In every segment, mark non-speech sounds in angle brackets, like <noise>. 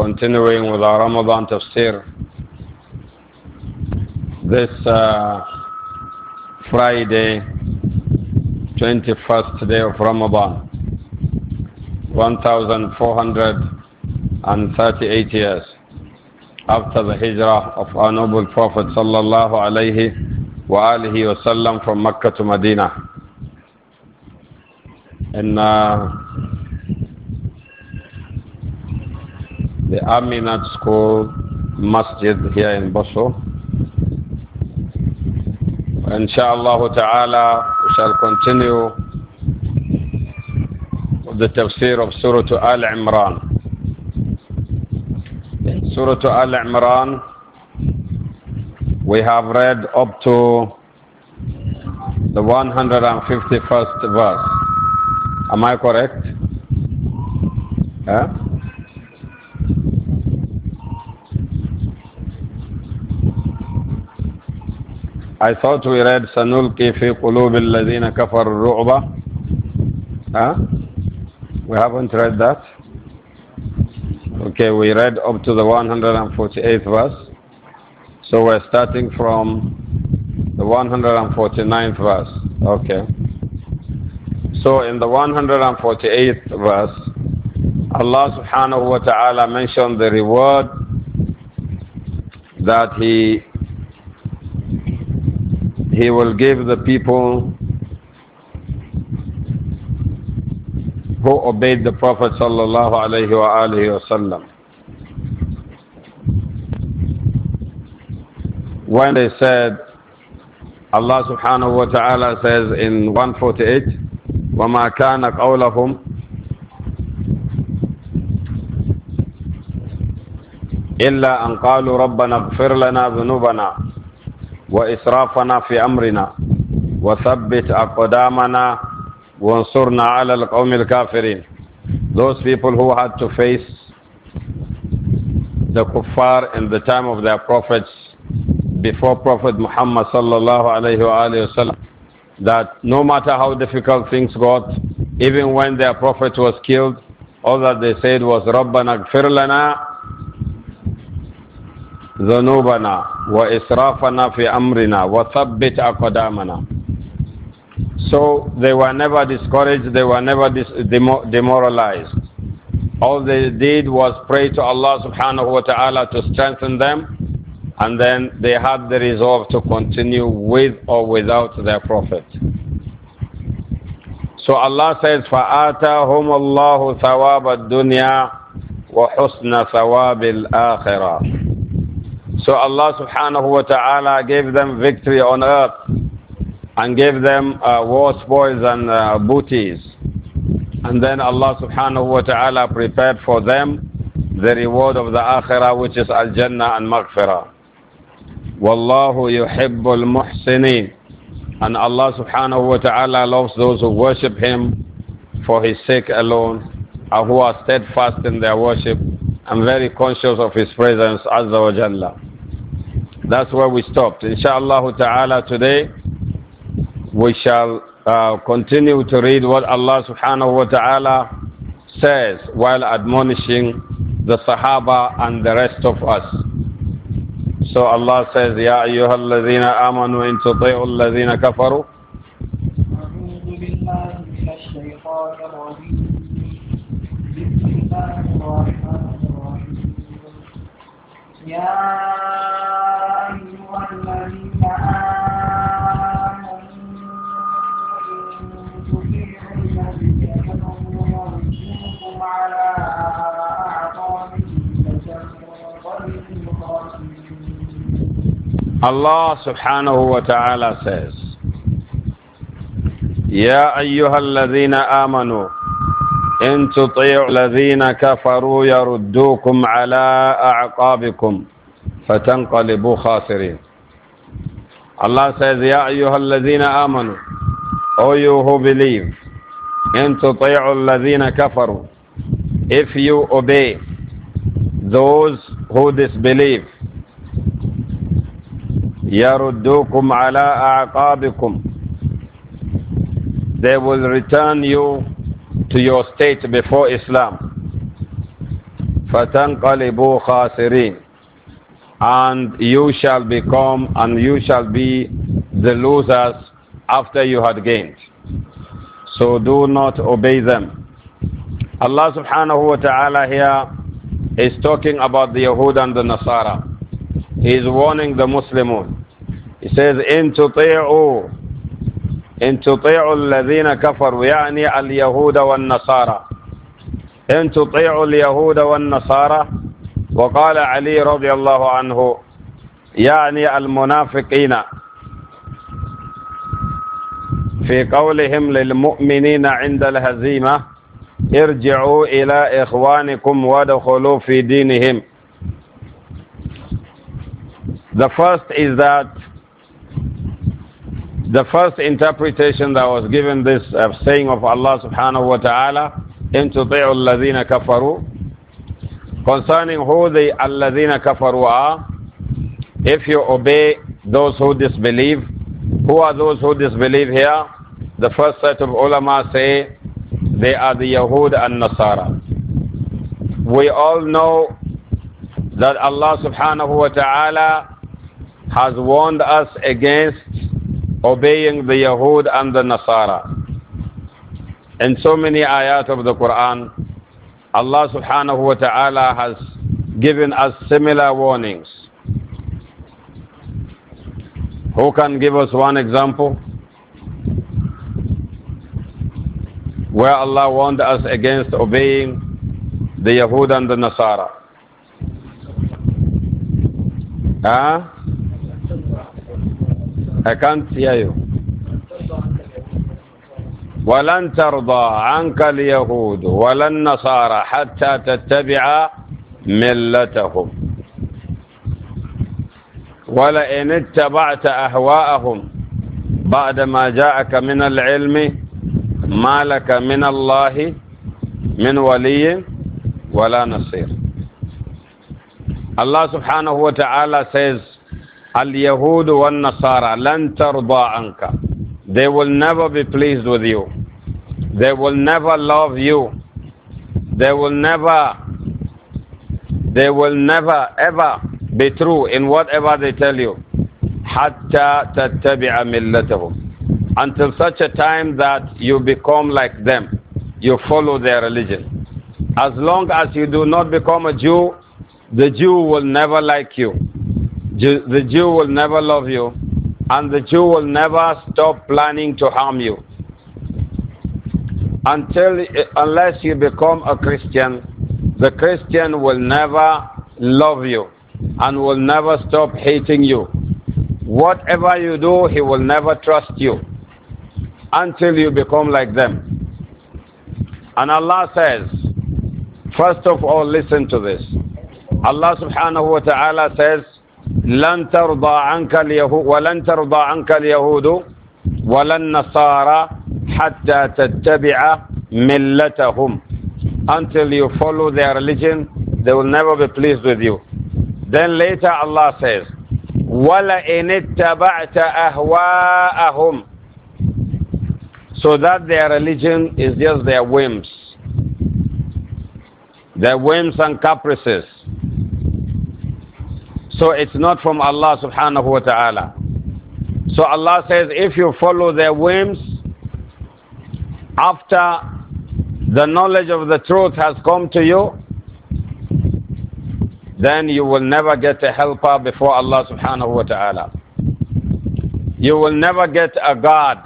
continuing with our Ramadan tafsir this uh, Friday, 21st day of Ramadan, 1438 years after the hijrah of our noble Prophet sallallahu alaihi wasallam from Mecca to Medina. And uh, the Aminat School Masjid here in Boso. Inshallah ta'ala, we shall continue with the tafsir of Surah Al Imran. Surah Al Imran, we have read up to the 151st verse. Am I correct? Yeah. I thought we read "Sanul فِي قُلُوبِ Kafar كَفَرُوا Huh? We haven't read that? Okay, we read up to the 148th verse. So we're starting from the 149th verse. Okay. So in the 148th verse, Allah subhanahu wa ta'ala mentioned the reward that He he will give the people who obeyed the Prophet sallallahu alaihi wasallam. When they said, Allah subhanahu wa ta'ala says in 148, وَمَا كَانَ قَوْلَهُمْ إِلَّا أَنْ قَالُوا رَبَّنَا اغْفِرْ لَنَا ذُنُوبَنَا وإسرافنا في أمرنا وثبت أقدامنا وانصرنا على القوم الكافرين Those people who had to face the kuffar in the time of their prophets before Prophet Muhammad sallallahu alayhi wa sallam that no matter how difficult things got, even when their prophet was killed, all that they said was رَبَّنَا اغْفِرْ لَنَا ذنوبنا وإسرافنا في أمرنا وثبت أقدامنا So they were never discouraged, they were never demoralized. All they did was pray to Allah subhanahu wa ta'ala to strengthen them and then they had the resolve to continue with or without their Prophet. So Allah says, فَآتَاهُمُ اللَّهُ ثَوَابَ الدُّنْيَا وَحُسْنَ ثَوَابِ الْآخِرَةِ so Allah subhanahu wa ta'ala gave them victory on earth and gave them uh, war spoils and uh, booties. And then Allah subhanahu wa ta'ala prepared for them the reward of the akhirah which is al-jannah and maghfirah. Wallahu yuhibbul muhsineen. And Allah subhanahu wa ta'ala loves those who worship Him for His sake alone and who are steadfast in their worship and very conscious of His presence, Azza wa Jalla. That's where we stopped. Inshallah ta'ala today we shall uh, continue to read what Allah subhanahu wa ta'ala says while admonishing the Sahaba and the rest of us. So Allah says, Ya أَيُّهَا الَّذِينَ آمَنُوا إِن تُطِيعُوا الَّذِينَ كَفَرُوا Allah subhanahu wa ta'ala says, Ya ayyuhal ladhina amanu, إن تطيعوا الذين كفروا يردوكم على أعقابكم فتنقلبوا خاسرين الله says, يا أيها الذين آمنوا O you who believe إن تطيعوا الذين كفروا If you obey those who disbelieve يردوكم على أعقابكم They will return you to your state before Islam. فَتَنْقَلِبُوا خَاسِرِينَ And you shall become and you shall be the losers after you had gained. So do not obey them. Allah subhanahu wa ta'ala here is talking about the Yahud and the Nasara. He is warning the Muslimun. He says, إِن تُطِيعُوا إن تطيعوا الذين كفروا يعني اليهود والنصارى إن تطيعوا اليهود والنصارى وقال علي رضي الله عنه يعني المنافقين في قولهم للمؤمنين عند الهزيمة ارجعوا إلى إخوانكم وادخلوا في دينهم The first is that The first interpretation that was given this uh, saying of Allah subhanahu wa ta'ala, into تُطِعُوا الَّذِينَ كَفَرُوا Concerning who the الَّذِينَ كَفَرُوا are, if you obey those who disbelieve, who are those who disbelieve here? The first set of ulama say they are the Yahud and Nasara. We all know that Allah subhanahu wa ta'ala has warned us against obeying the Yahud and the Nasara. In so many ayat of the Quran, Allah subhanahu wa ta'ala has given us similar warnings. Who can give us one example? Where Allah warned us against obeying the Yahud and the Nasara. Huh? أكنت can't ولن ترضى عنك اليهود ولا النصارى حتى تتبع ملتهم ولئن اتبعت أهواءهم بعد ما جاءك من العلم ما لك من الله من ولي ولا نصير الله سبحانه وتعالى says اليهود والنصارى لن ترضى عنك. They will never be pleased with you. They will never love you. They will never, they will never ever be true in whatever they tell you. حَتَّى تَتَّبِعَ مِلَّتَهُمْ Until such a time that you become like them. You follow their religion. As long as you do not become a Jew, the Jew will never like you. Jew, the Jew will never love you, and the Jew will never stop planning to harm you. Until, uh, unless you become a Christian, the Christian will never love you and will never stop hating you. Whatever you do, he will never trust you until you become like them. And Allah says, first of all, listen to this. Allah subhanahu wa ta'ala says, لن ترضى عنك اليهود ولن ترضى عنك اليهود ولا النصارى حتى تتبع ملتهم until you follow their religion they will never be pleased with you then later Allah says ولئن اتبعت أهواءهم so that their religion is just their whims their whims and caprices So it's not from Allah subhanahu wa ta'ala. So Allah says, if you follow their whims, after the knowledge of the truth has come to you, then you will never get a helper before Allah subhanahu wa ta'ala. You will never get a guard,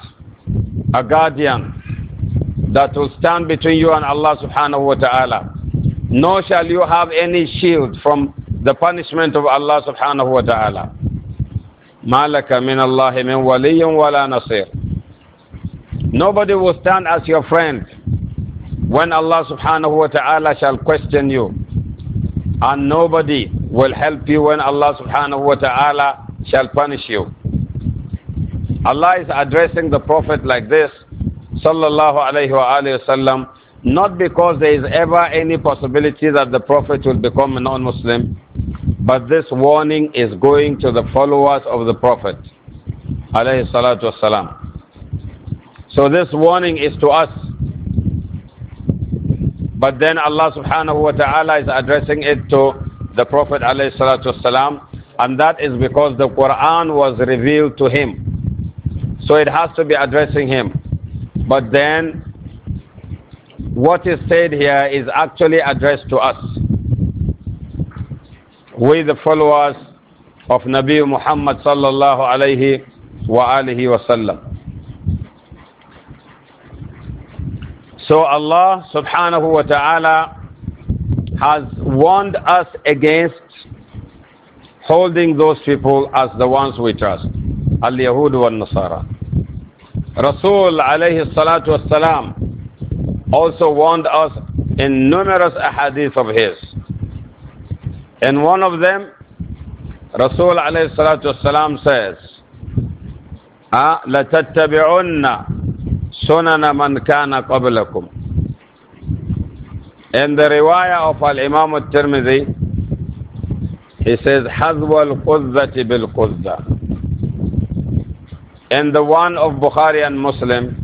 a guardian that will stand between you and Allah subhanahu wa ta'ala. Nor shall you have any shield from the punishment of Allah subhanahu wa ta'ala. مَالَكَ مِنَ اللَّهِ مِنْ وَلِيٍّ وَلَا Nasir. Nobody will stand as your friend when Allah subhanahu wa ta'ala shall question you. And nobody will help you when Allah subhanahu wa ta'ala shall punish you. Allah is addressing the Prophet like this, sallallahu alayhi wa sallam, not because there is ever any possibility that the Prophet will become a non-Muslim, but this warning is going to the followers of the Prophet. So this warning is to us. But then Allah subhanahu wa ta'ala is addressing it to the Prophet والسلام, and that is because the Quran was revealed to him. So it has to be addressing him. But then what is said here is actually addressed to us we the followers of Nabi Muhammad sallallahu alayhi wa alihi wasallam. So Allah subhanahu wa ta'ala has warned us against holding those people as the ones we trust. Al-Yahud wal-Nasara. Rasul alayhi salatu wasalam also warned us in numerous ahadith of his. In one of them, Rasul alayhi salatu wasalam says, لَتَتَّبِعُنَّ سُنَنَ مَنْ كَانَ قَبْلَكُمْ In the riwayah of Al-Imam al-Tirmidhi, he says, حَذْوَ الْقُذَّةِ بِالْقُذَّةِ In the one of Bukhari and Muslim,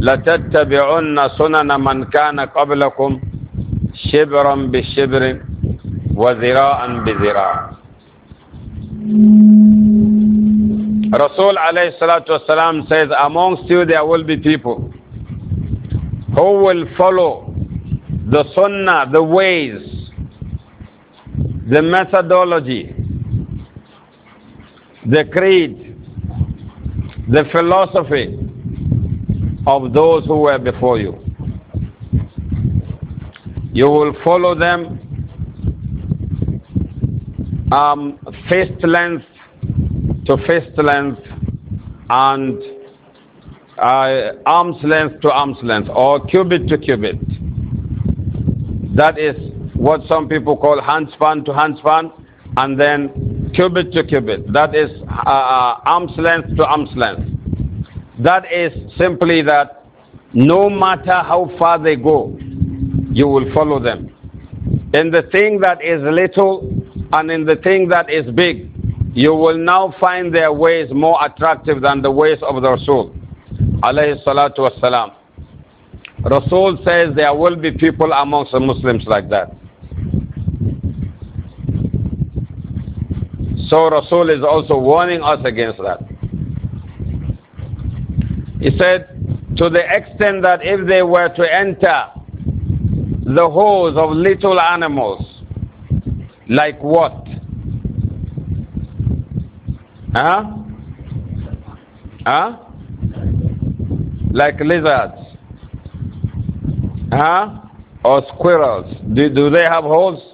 لَتَتَّبِعُنَّ سُنَنَ مَنْ كَانَ قَبْلَكُمْ شِبْرًا بِالشِّبْرٍ and بِذِرَاءٍ Rasul alayhi salatu wasalam says, amongst you there will be people who will follow the sunnah, the ways, the methodology, the creed, the philosophy of those who were before you. You will follow them um, fist length to fist length and uh, arm's length to arm's length or cubit to cubit. That is what some people call hand span to hand span, and then cubit to cubit. That is uh, uh arm's length to arm's length. That is simply that no matter how far they go, you will follow them. In the thing that is little, and in the thing that is big, you will now find their ways more attractive than the ways of the Rasul. Alayhi salatu Rasul says there will be people amongst the Muslims like that. So Rasul is also warning us against that. He said, to the extent that if they were to enter the holes of little animals, like what? Huh? Huh? Like lizards? Huh? Or squirrels? Do, do they have holes?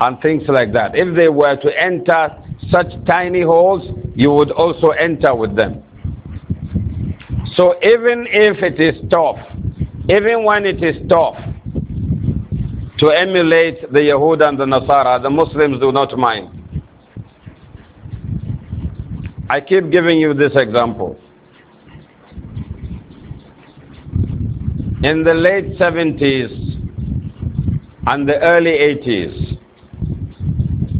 And things like that. If they were to enter such tiny holes, you would also enter with them. So even if it is tough, even when it is tough, to emulate the Yahud and the Nasara. The Muslims do not mind. I keep giving you this example. In the late 70s and the early 80s,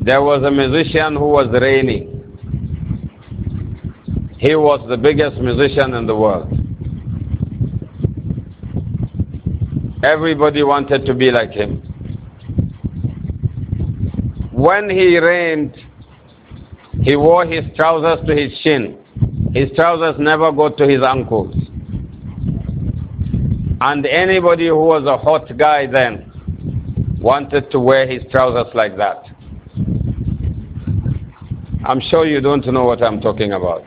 there was a musician who was reigning. He was the biggest musician in the world. Everybody wanted to be like him. When he reigned, he wore his trousers to his shin. His trousers never go to his ankles. And anybody who was a hot guy then wanted to wear his trousers like that. I'm sure you don't know what I'm talking about.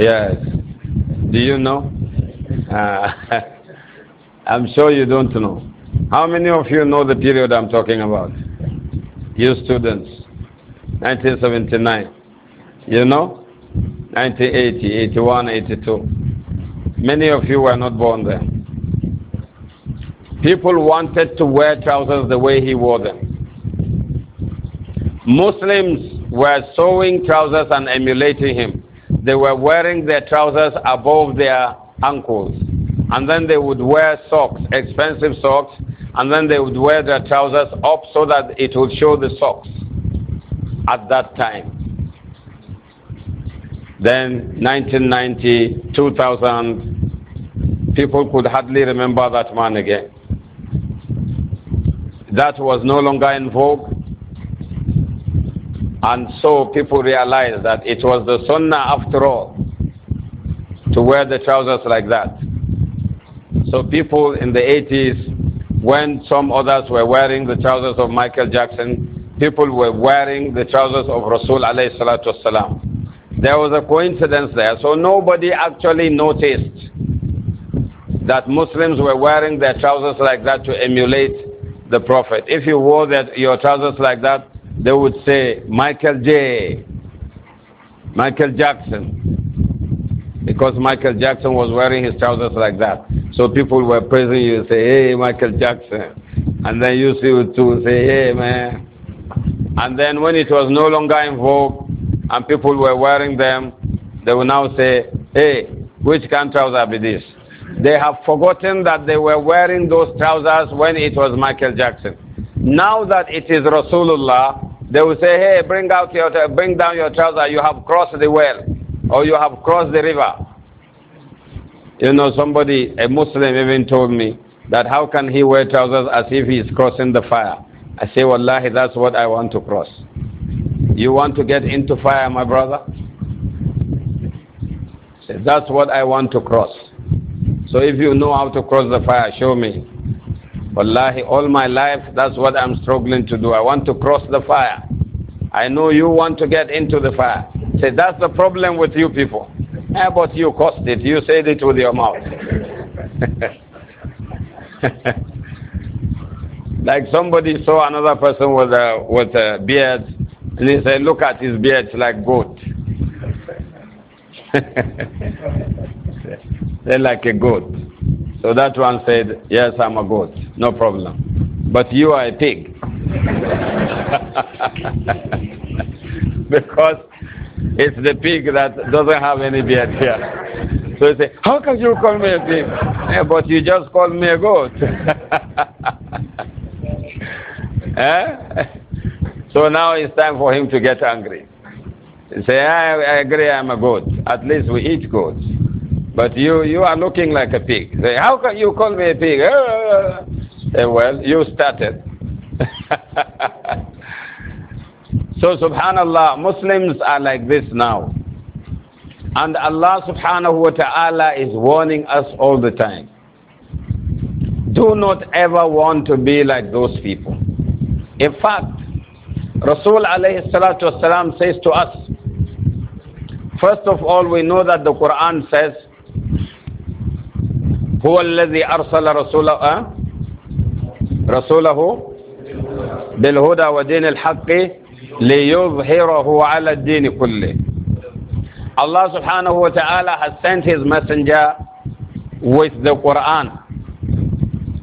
Yes. Do you know? Uh, <laughs> I'm sure you don't know. How many of you know the period I'm talking about? you students, 1979, you know, 1980, 81, 82. Many of you were not born then. People wanted to wear trousers the way he wore them. Muslims were sewing trousers and emulating him. They were wearing their trousers above their ankles. And then they would wear socks, expensive socks, and then they would wear their trousers up so that it would show the socks at that time. Then 1990, 2000, people could hardly remember that man again. That was no longer in vogue. And so people realized that it was the sunnah after all to wear the trousers like that. So people in the 80s when some others were wearing the trousers of Michael Jackson, people were wearing the trousers of Rasul alayhi salatu wasalam. There was a coincidence there, so nobody actually noticed that Muslims were wearing their trousers like that to emulate the Prophet. If you wore that, your trousers like that, they would say, Michael J. Michael Jackson because Michael Jackson was wearing his trousers like that. So people were praising you, say, hey, Michael Jackson. And then you see it too, say, hey, man. And then when it was no longer in vogue and people were wearing them, they will now say, hey, which kind of trousers are this? They have forgotten that they were wearing those trousers when it was Michael Jackson. Now that it is Rasulullah, they will say, hey, bring out your, bring down your trousers, you have crossed the well or you have crossed the river. You know, somebody, a Muslim even told me that how can he wear trousers as if he is crossing the fire? I say, Wallahi, that's what I want to cross. You want to get into fire, my brother? Say, that's what I want to cross. So if you know how to cross the fire, show me. Wallahi, all my life, that's what I'm struggling to do. I want to cross the fire. I know you want to get into the fire. Say, that's the problem with you people. How but you caused it. You said it with your mouth. <laughs> like somebody saw another person with a, with a beard, and he said, look at his beard, like goat. <laughs> They're like a goat. So that one said, Yes, I'm a goat, no problem. But you are a pig. <laughs> because it's the pig that doesn't have any beard here. So you say, how can you call me a pig? Yeah, but you just called me a goat. <laughs> eh? So now it's time for him to get angry. He say, I, I agree, I'm a goat. At least we eat goats. But you, you are looking like a pig. say, how can you call me a pig? Uh, well, you started. <laughs> So subhanallah, Muslims are like this now. And Allah subhanahu wa ta'ala is warning us all the time. Do not ever want to be like those people. In fact, Rasul alayhi salatu wasalam says to us, first of all, we know that the Quran says, هو الذي أرسل رسوله رسوله بالهدى ودين الحق ليظهره على الدين كله Allah subhanahu wa ta'ala has sent his messenger with the Quran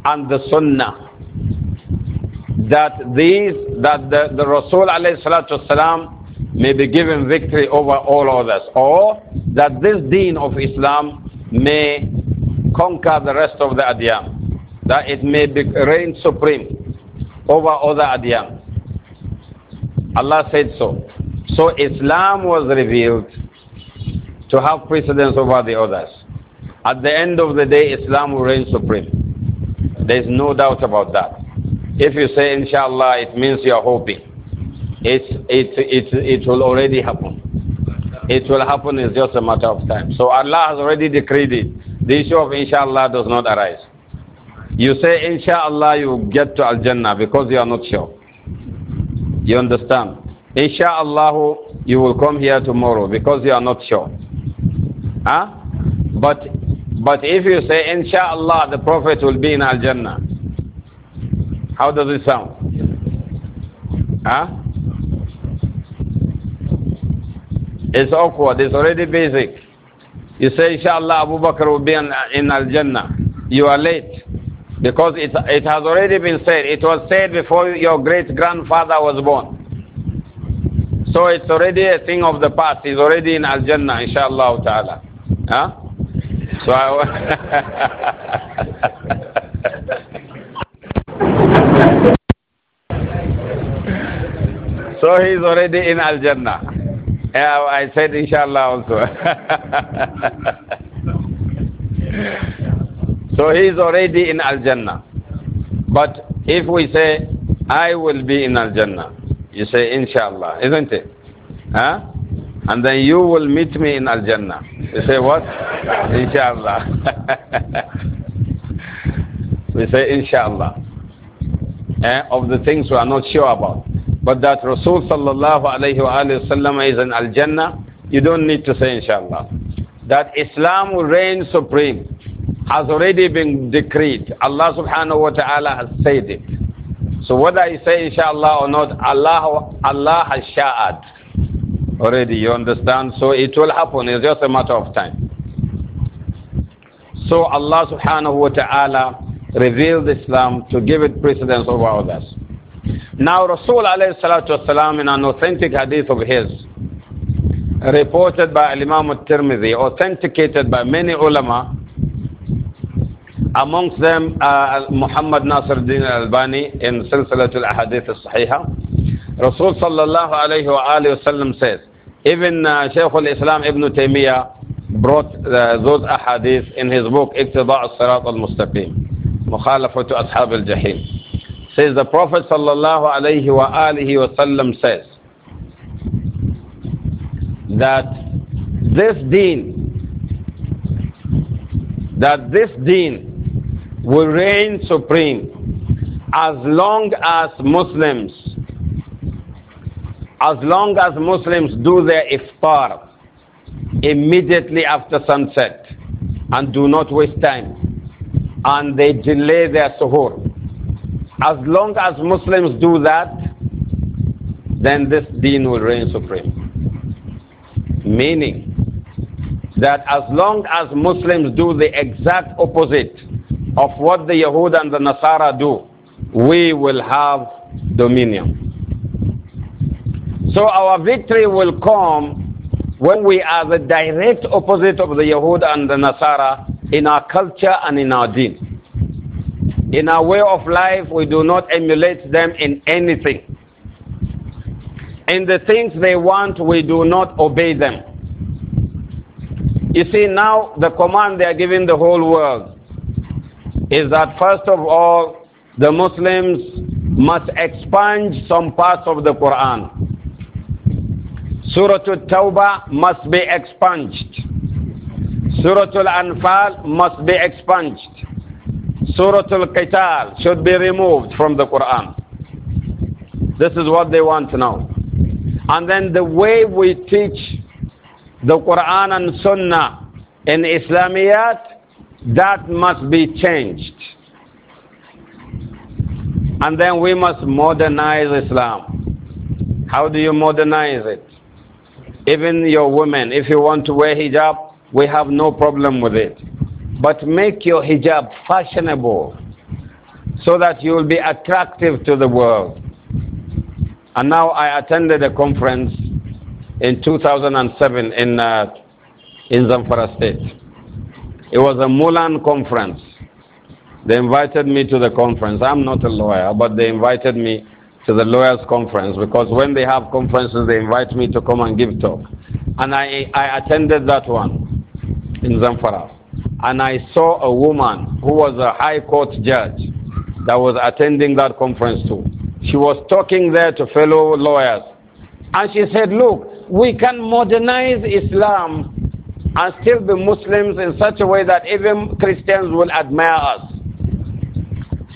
and the Sunnah that these that the, the Rasul alayhi salatu wasalam may be given victory over all others or that this deen of Islam may conquer the rest of the Adiyam that it may be reign supreme over other Adiyam Allah said so. So Islam was revealed to have precedence over the others. At the end of the day, Islam will reign supreme. There is no doubt about that. If you say inshallah, it means you are hoping. It, it, it, it will already happen. It will happen, it's just a matter of time. So Allah has already decreed it. The issue of inshallah does not arise. You say inshallah, you get to Al Jannah because you are not sure. You understand? Insha'Allah, you will come here tomorrow because you are not sure. Huh? But, but if you say, Insha'Allah, the Prophet will be in Al Jannah, how does it sound? Huh? It's awkward, it's already basic. You say, Insha'Allah, Abu Bakr will be in, in Al Jannah. You are late. Because it, it has already been said. It was said before your great grandfather was born. So it's already a thing of the past. He's already in Al Jannah, inshallah ta'ala. Huh? So I. <laughs> So he's already in Al Jannah. Yeah, I said inshallah also. <laughs> So he is already in Al Jannah. But if we say, I will be in Al Jannah, you say, Inshallah, isn't it? Huh? And then you will meet me in Al Jannah. You say, What? <laughs> Inshallah. <laughs> we say, Inshallah. Eh, of the things we are not sure about. But that Rasulullah sallallahu alayhi wa is in Al Jannah, you don't need to say, Inshallah. That Islam will reign supreme has already been decreed. Allah subhanahu wa ta'ala has said it. So whether I say inshallah or not, Allah, Allah has sha'ad already, you understand? So it will happen, it's just a matter of time. So Allah subhanahu wa ta'ala revealed Islam to give it precedence over others. Now Rasul alayhi salatu wasalam in an authentic hadith of his, reported by Imam al-Tirmidhi, authenticated by many ulama, Amongst them, uh, Muhammad Nasiruddin al-Albani in Silsilat al-Ahadith al-Sahiha. Rasul sallallahu alayhi wa alayhi wa says, even uh, Shaykh al-Islam Ibn Taymiyyah brought uh, those ahadith in his book, Iqtida' al-Sirat al-Mustaqim, Mukhalafatu Ashab al-Jahim. Says the Prophet sallallahu alayhi wa alayhi wa says that this deen that this deen will reign supreme as long as Muslims, as long as Muslims do their iftar immediately after sunset and do not waste time and they delay their suhoor. As long as Muslims do that, then this deen will reign supreme. Meaning that as long as Muslims do the exact opposite, of what the Yahud and the Nasara do, we will have dominion. So our victory will come when we are the direct opposite of the Yahud and the Nasara in our culture and in our deen. In our way of life, we do not emulate them in anything. In the things they want, we do not obey them. You see, now the command they are giving the whole world is that first of all, the Muslims must expunge some parts of the Quran. Surah Al-Tawbah must be expunged. Surah Al-Anfal must be expunged. Surah Al-Qital should be removed from the Quran. This is what they want now. And then the way we teach the Quran and Sunnah in Islamiyat that must be changed. And then we must modernize Islam. How do you modernize it? Even your women, if you want to wear hijab, we have no problem with it. But make your hijab fashionable so that you will be attractive to the world. And now I attended a conference in 2007 in, uh, in Zamfara State. It was a Mulan conference. They invited me to the conference. I'm not a lawyer, but they invited me to the lawyers' conference because when they have conferences, they invite me to come and give talk. And I, I attended that one in Zamfara. And I saw a woman who was a high court judge that was attending that conference too. She was talking there to fellow lawyers. And she said, Look, we can modernize Islam and still be Muslims in such a way that even Christians will admire us.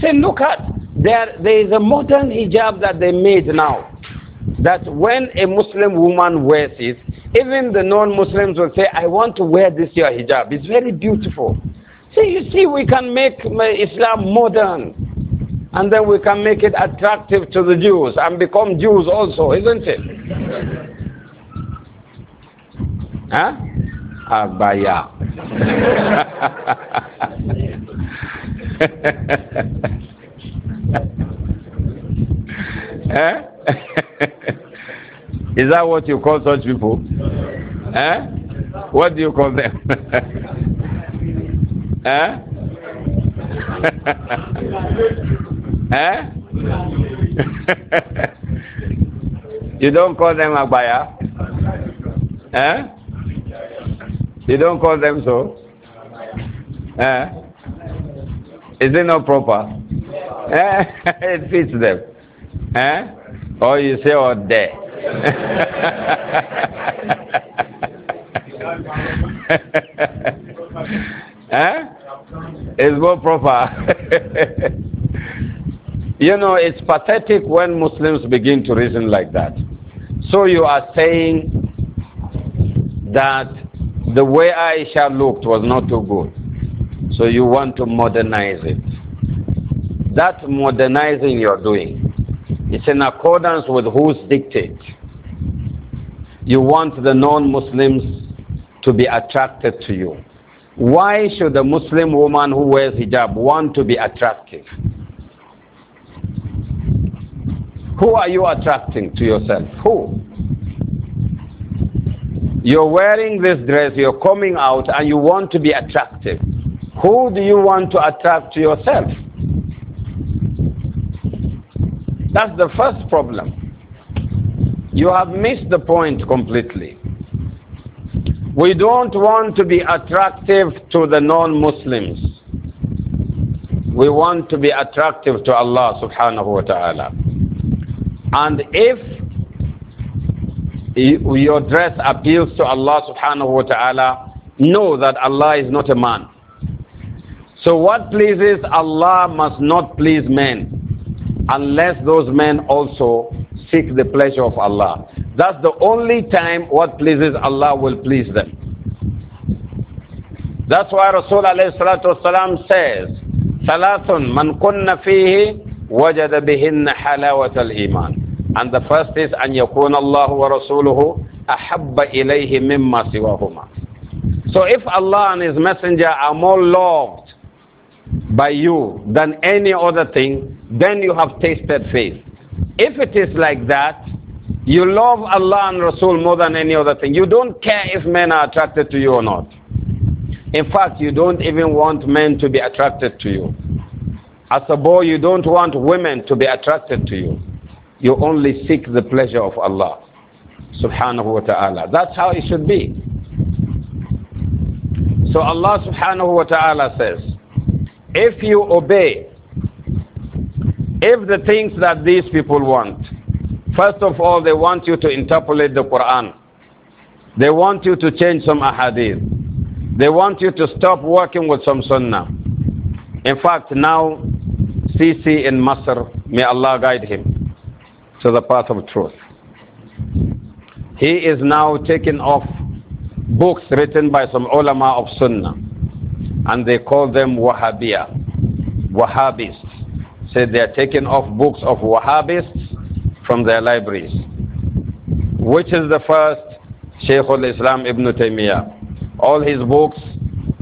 See, look at, there, there is a modern hijab that they made now, that when a Muslim woman wears it, even the non-Muslims will say, I want to wear this your hijab. It's very beautiful. See, you see, we can make Islam modern, and then we can make it attractive to the Jews and become Jews also, isn't it? huh? àgbàyà <laughs> eh? <laughs> Is that what you call such people? Eh? What do you call them? <laughs> eh? eh? you don't call them Agbaya? Eh? You don't call them so? Eh? Is it not proper? Eh? <laughs> it fits them. Eh? Or you say, or oh, there. <laughs> eh? It's more proper. <laughs> you know, it's pathetic when Muslims begin to reason like that. So you are saying that the way Aisha looked was not too good. So you want to modernize it. That modernizing you're doing is in accordance with whose dictate. You want the non Muslims to be attracted to you. Why should a Muslim woman who wears hijab want to be attractive? Who are you attracting to yourself? Who? You're wearing this dress, you're coming out, and you want to be attractive. Who do you want to attract to yourself? That's the first problem. You have missed the point completely. We don't want to be attractive to the non Muslims. We want to be attractive to Allah subhanahu wa ta'ala. And if your dress appeals to Allah subhanahu wa ta'ala, know that Allah is not a man. So what pleases Allah must not please men, unless those men also seek the pleasure of Allah. That's the only time what pleases Allah will please them. That's why Rasul alayhi salatu wasalam says, ثلاث من كن فيه وجد بهن حلاوة الإيمان and the first is أن يكون الله ورسوله أحب إليه مما سواهما. So if Allah and His Messenger are more loved by you than any other thing, then you have tasted faith. If it is like that, you love Allah and Rasul more than any other thing. You don't care if men are attracted to you or not. In fact, you don't even want men to be attracted to you. As a boy, you don't want women to be attracted to you you only seek the pleasure of Allah subhanahu wa ta'ala. That's how it should be. So Allah subhanahu wa ta'ala says, if you obey, if the things that these people want, first of all, they want you to interpolate the Quran. They want you to change some ahadith. They want you to stop working with some sunnah. In fact, now, Sisi in Masr, may Allah guide him to the path of truth. He is now taking off books written by some ulama of Sunnah, and they call them Wahhabiya, Wahhabists. Say they are taking off books of Wahhabists from their libraries. Which is the first? Shaykh al-Islam Ibn Taymiyyah. All his books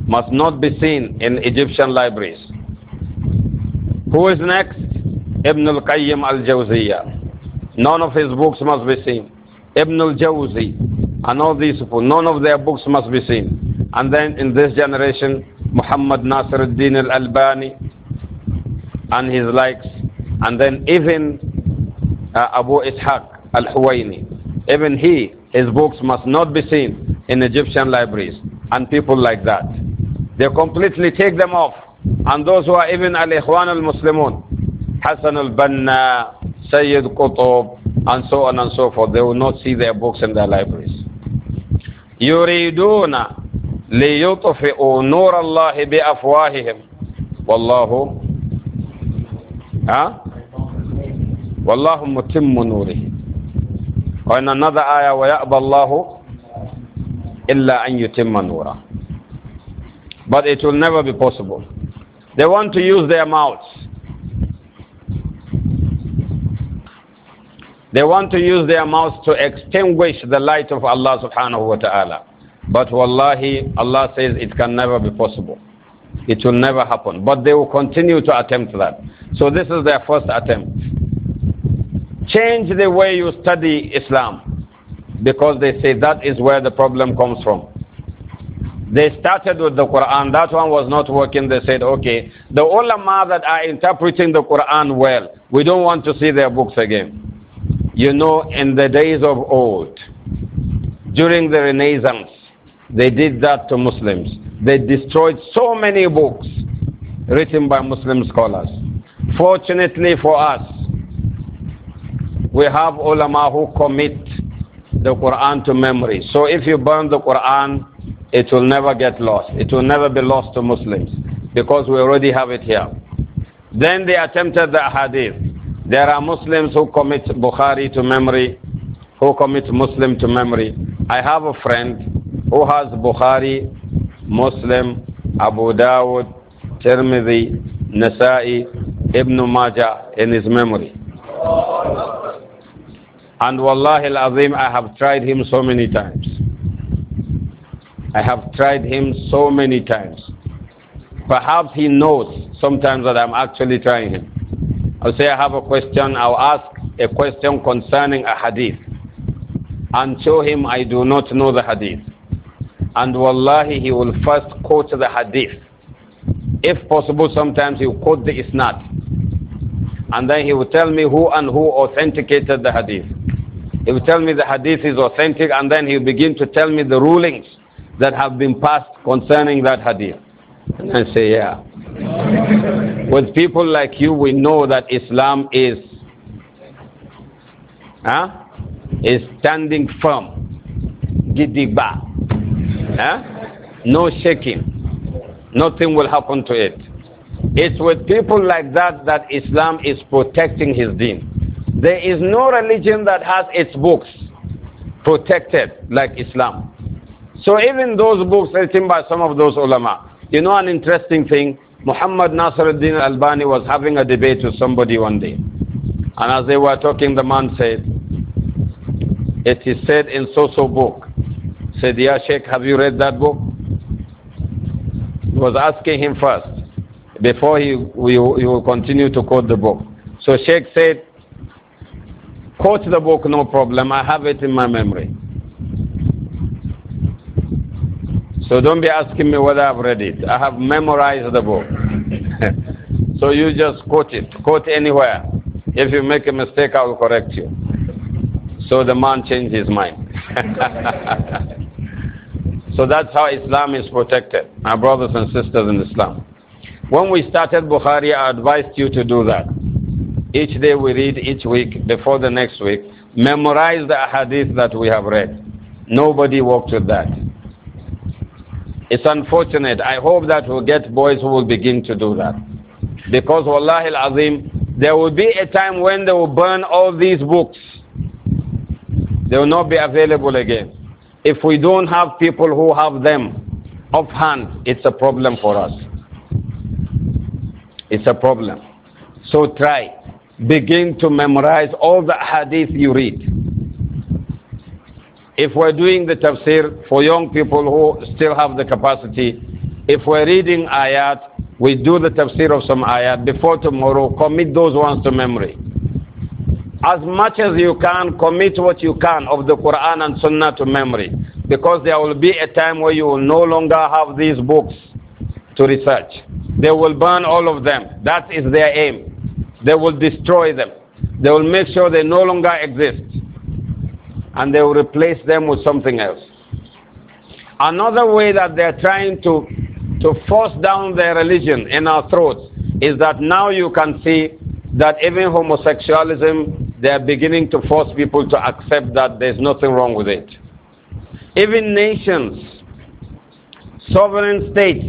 must not be seen in Egyptian libraries. Who is next? Ibn al-Qayyim al-Jawziyyah. None of his books must be seen. Ibn al-Jawzi and all these people, none of their books must be seen. And then in this generation, Muhammad Nasir al-Din al-Albani and his likes. And then even uh, Abu Ishaq al-Huwaini, even he, his books must not be seen in Egyptian libraries and people like that. They completely take them off. And those who are even al-Ikhwan al-Muslimun, Hassan al-Banna, Sayyid Qutb, and so on and so forth. They will not see their books in their libraries. يريدون ليطفئوا نور الله بأفواههم والله ها والله متم نوره in another ayah, ويأبى الله إلا أن يتم نوره but it will never be possible they want to use their mouths They want to use their mouths to extinguish the light of Allah subhanahu wa ta'ala. But wallahi, Allah says it can never be possible. It will never happen. But they will continue to attempt that. So this is their first attempt. Change the way you study Islam. Because they say that is where the problem comes from. They started with the Quran. That one was not working. They said, okay, the ulama that are interpreting the Quran well, we don't want to see their books again. You know, in the days of old, during the Renaissance, they did that to Muslims. They destroyed so many books written by Muslim scholars. Fortunately for us, we have ulama who commit the Quran to memory. So if you burn the Quran, it will never get lost. It will never be lost to Muslims because we already have it here. Then they attempted the hadith. There are Muslims who commit Bukhari to memory, who commit Muslim to memory. I have a friend who has Bukhari, Muslim, Abu Dawud, Tirmidhi, Nasa'i, Ibn Majah in his memory. And wallahi al-azim, I have tried him so many times. I have tried him so many times. Perhaps he knows sometimes that I'm actually trying him. I'll say, I have a question. I'll ask a question concerning a hadith and show him I do not know the hadith. And wallahi, he will first quote the hadith. If possible, sometimes he will quote the isnad. And then he will tell me who and who authenticated the hadith. He will tell me the hadith is authentic and then he'll begin to tell me the rulings that have been passed concerning that hadith. And I say, yeah. With people like you, we know that Islam is, huh, is standing firm. Gidigba. Huh? No shaking. Nothing will happen to it. It's with people like that that Islam is protecting his deen. There is no religion that has its books protected like Islam. So even those books written by some of those ulama, you know an interesting thing? Muhammad Nasruddin Albani was having a debate with somebody one day. And as they were talking, the man said, It is said in so so book. Said, Ya Sheikh, have you read that book? He was asking him first, before he, he will continue to quote the book. So Sheikh said, Quote the book, no problem. I have it in my memory. So don't be asking me whether I've read it. I have memorized the book. <laughs> so you just quote it. Quote anywhere. If you make a mistake, I will correct you. So the man changed his mind. <laughs> so that's how Islam is protected, my brothers and sisters in Islam. When we started Bukhari, I advised you to do that. Each day we read, each week, before the next week, memorize the hadith that we have read. Nobody worked with that. It's unfortunate. I hope that we'll get boys who will begin to do that. Because Wallahi al-Azim, there will be a time when they will burn all these books. They will not be available again. If we don't have people who have them offhand, it's a problem for us. It's a problem. So try. Begin to memorize all the hadith you read if we're doing the tafsir for young people who still have the capacity, if we're reading ayat, we do the tafsir of some ayat before tomorrow, commit those ones to memory. As much as you can, commit what you can of the Quran and Sunnah to memory. Because there will be a time where you will no longer have these books to research. They will burn all of them. That is their aim. They will destroy them. They will make sure they no longer exist and they will replace them with something else. Another way that they're trying to, to force down their religion in our throats is that now you can see that even homosexualism, they're beginning to force people to accept that there's nothing wrong with it. Even nations, sovereign states,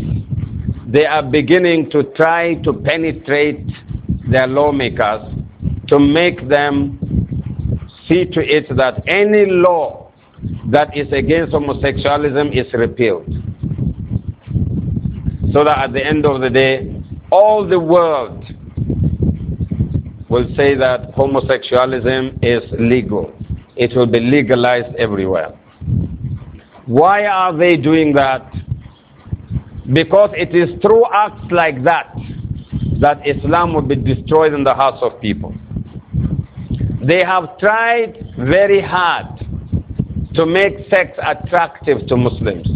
they are beginning to try to penetrate their lawmakers to make them see to it that any law that is against homosexuality is repealed. So that at the end of the day, all the world will say that homosexualism is legal. It will be legalized everywhere. Why are they doing that? Because it is through acts like that that Islam will be destroyed in the hearts of people. They have tried very hard to make sex attractive to Muslims.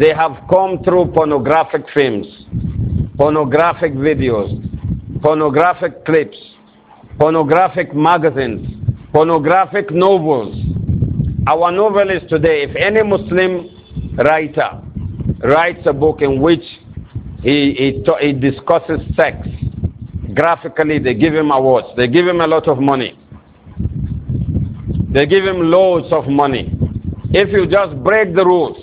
They have come through pornographic films, pornographic videos, pornographic clips, pornographic magazines, pornographic novels. Our novel is today, if any Muslim writer writes a book in which he, he, he discusses sex, graphically, they give him awards. They give him a lot of money. They give him loads of money. If you just break the rules,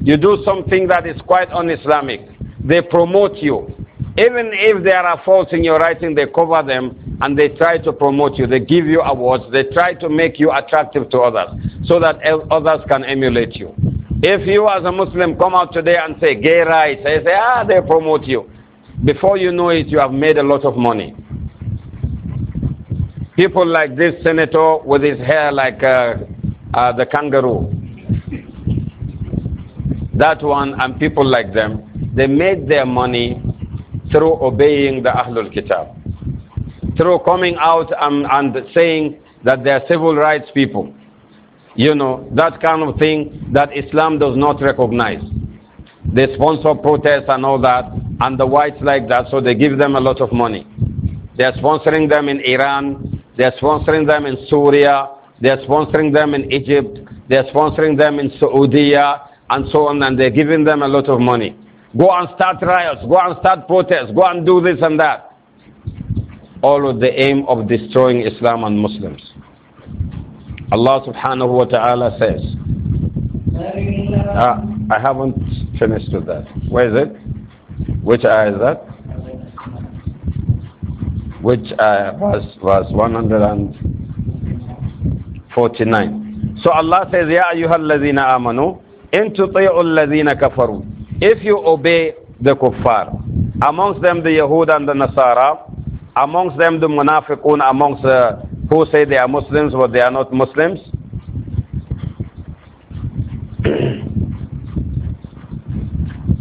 you do something that is quite un Islamic, they promote you. Even if there are faults in your writing, they cover them and they try to promote you. They give you awards. They try to make you attractive to others so that others can emulate you. If you, as a Muslim, come out today and say gay rights, they say, ah, they promote you. Before you know it, you have made a lot of money. People like this senator with his hair like uh, uh, the kangaroo. That one and people like them, they made their money through obeying the Ahlul Kitab, through coming out and, and saying that they are civil rights people. You know, that kind of thing that Islam does not recognize. They sponsor protests and all that, and the whites like that, so they give them a lot of money. They're sponsoring them in Iran, they're sponsoring them in Syria, they're sponsoring them in Egypt, they're sponsoring them in Saudi, and so on, and they're giving them a lot of money. Go and start riots, go and start protests, go and do this and that. All with the aim of destroying Islam and Muslims. Allah subhanahu wa ta'ala says, uh, I haven't finished with that. Where is it? Which ayah is that? Which ayah? Uh, verse, verse 149. So Allah says, Ya ayyuhalladhina amanu, in tuti'u kafaru. If you obey the kuffar, amongst them the Yahud and the Nasara, amongst them the munafiqun, amongst uh, who say they are Muslims but they are not Muslims,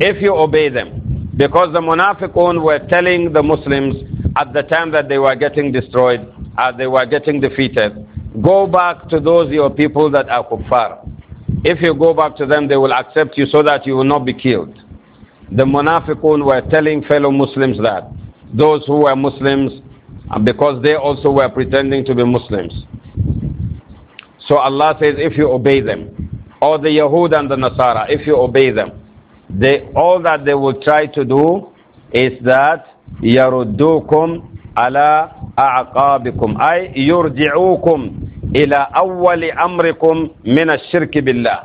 if you obey them. Because the Munafiqun were telling the Muslims at the time that they were getting destroyed, as uh, they were getting defeated, go back to those your people that are kuffar. If you go back to them, they will accept you so that you will not be killed. The Munafiqun were telling fellow Muslims that, those who were Muslims, uh, because they also were pretending to be Muslims. So Allah says, if you obey them, or the Yahud and the Nasara, if you obey them, they, all that they will try to do is that يردوكم على أعقابكم أي يرجعوكم إلى أول أمركم من الشرك بالله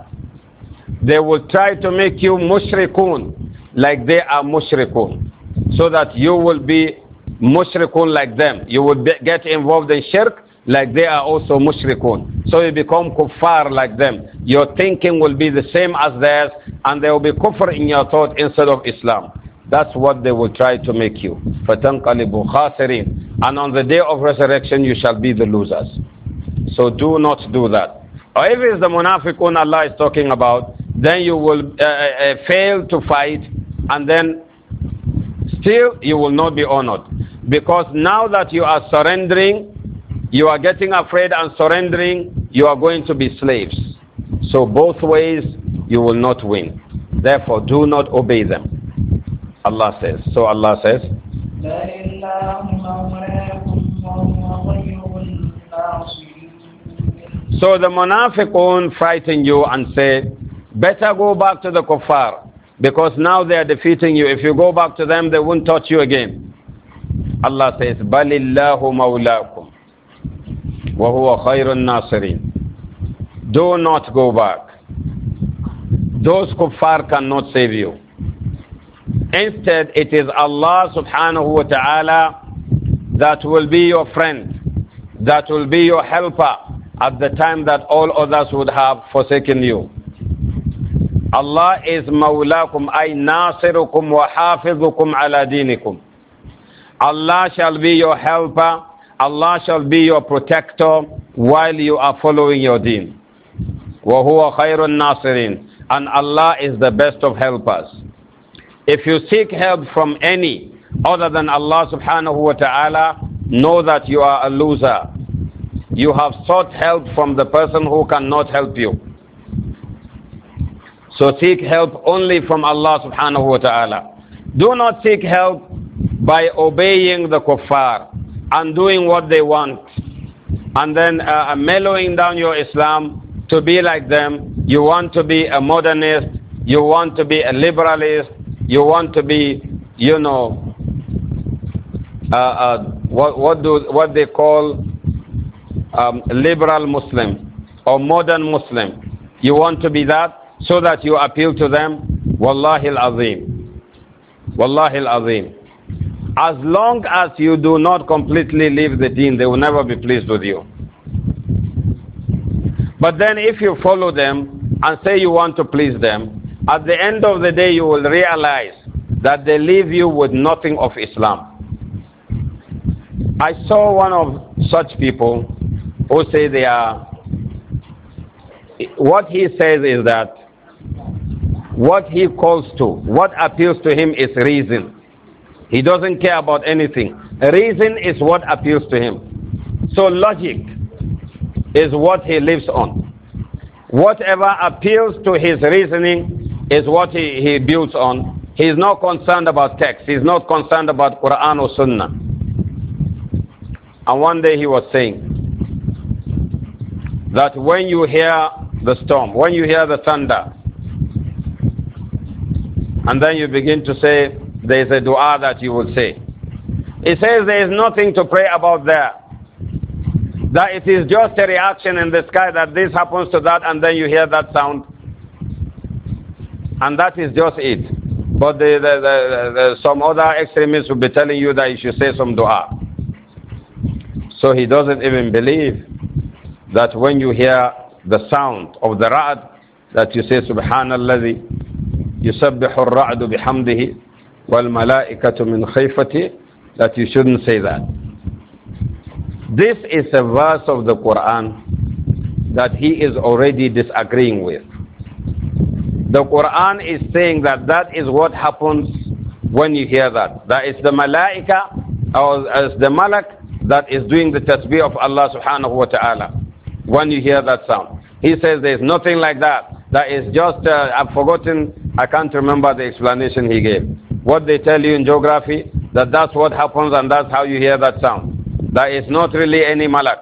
they will try to make you mushrikun like they are mushrikun so that you will be mushrikun like them you will be, get involved in shirk like they are also mushrikun. So you become kuffar like them. Your thinking will be the same as theirs, and there will be kufr in your thought instead of Islam. That's what they will try to make you. فَتَنْقَلِبُ خَاسِرِينَ And on the day of resurrection, you shall be the losers. So do not do that. Or if it's the munafiqun Allah is talking about, then you will uh, uh, uh fail to fight, and then still you will not be honored. Because now that you are surrendering, you are getting afraid and surrendering, you are going to be slaves. So both ways, you will not win. Therefore, do not obey them. Allah says. So Allah says. So the munafiqun frighten you and say, better go back to the kuffar because now they are defeating you. If you go back to them, they won't touch you again. Allah says, وَهُوَ خَيْرُ النَّاصِرِينَ Do not go back. Those kuffar cannot save you. Instead, it is Allah subhanahu wa ta'ala that will be your friend, that will be your helper at the time that all others would have forsaken you. Allah is مولاكم ay nasirukum wa hafizukum ala dinikum. Allah shall be your helper Allah shall be your protector while you are following your deen. وَهُوَ خَيْرٌ نَاصِرٍ And Allah is the best of helpers. If you seek help from any other than Allah subhanahu wa ta'ala, know that you are a loser. You have sought help from the person who cannot help you. So seek help only from Allah subhanahu wa ta'ala. Do not seek help by obeying the kuffar and doing what they want and then uh, mellowing down your Islam to be like them. You want to be a modernist, you want to be a liberalist, you want to be, you know, uh, uh, what, what, do, what they call um, liberal Muslim or modern Muslim. You want to be that so that you appeal to them. Wallahi al-azim. Wallahi al-azim. As long as you do not completely leave the deen, they will never be pleased with you. But then if you follow them and say you want to please them, at the end of the day you will realize that they leave you with nothing of Islam. I saw one of such people who say they are. What he says is that what he calls to, what appeals to him is reason. He doesn't care about anything. Reason is what appeals to him. So logic is what he lives on. Whatever appeals to his reasoning is what he, he builds on. He is not concerned about text. He is not concerned about Quran or Sunnah. And one day he was saying that when you hear the storm, when you hear the thunder, and then you begin to say, there is a dua that you would say. It says there is nothing to pray about there. That it is just a reaction in the sky that this happens to that and then you hear that sound. And that is just it. But the, the, the, some other extremists will be telling you that you should say some dua. So he doesn't even believe that when you hear the sound of the ra'd, that you say, Subhanallah, يسبح ra'du bihamdihi. وَالْمَلَائِكَةُ مِنْ خَيْفَةِ that you shouldn't say that. This is a verse of the Quran that he is already disagreeing with. The Quran is saying that that is what happens when you hear that. That is the malaika or as the malak that is doing the tasbih of Allah subhanahu wa ta'ala when you hear that sound. He says there is nothing like that. That is just, uh, I've forgotten, I can't remember the explanation he gave. What they tell you in geography, that that's what happens and that's how you hear that sound. That is not really any malak.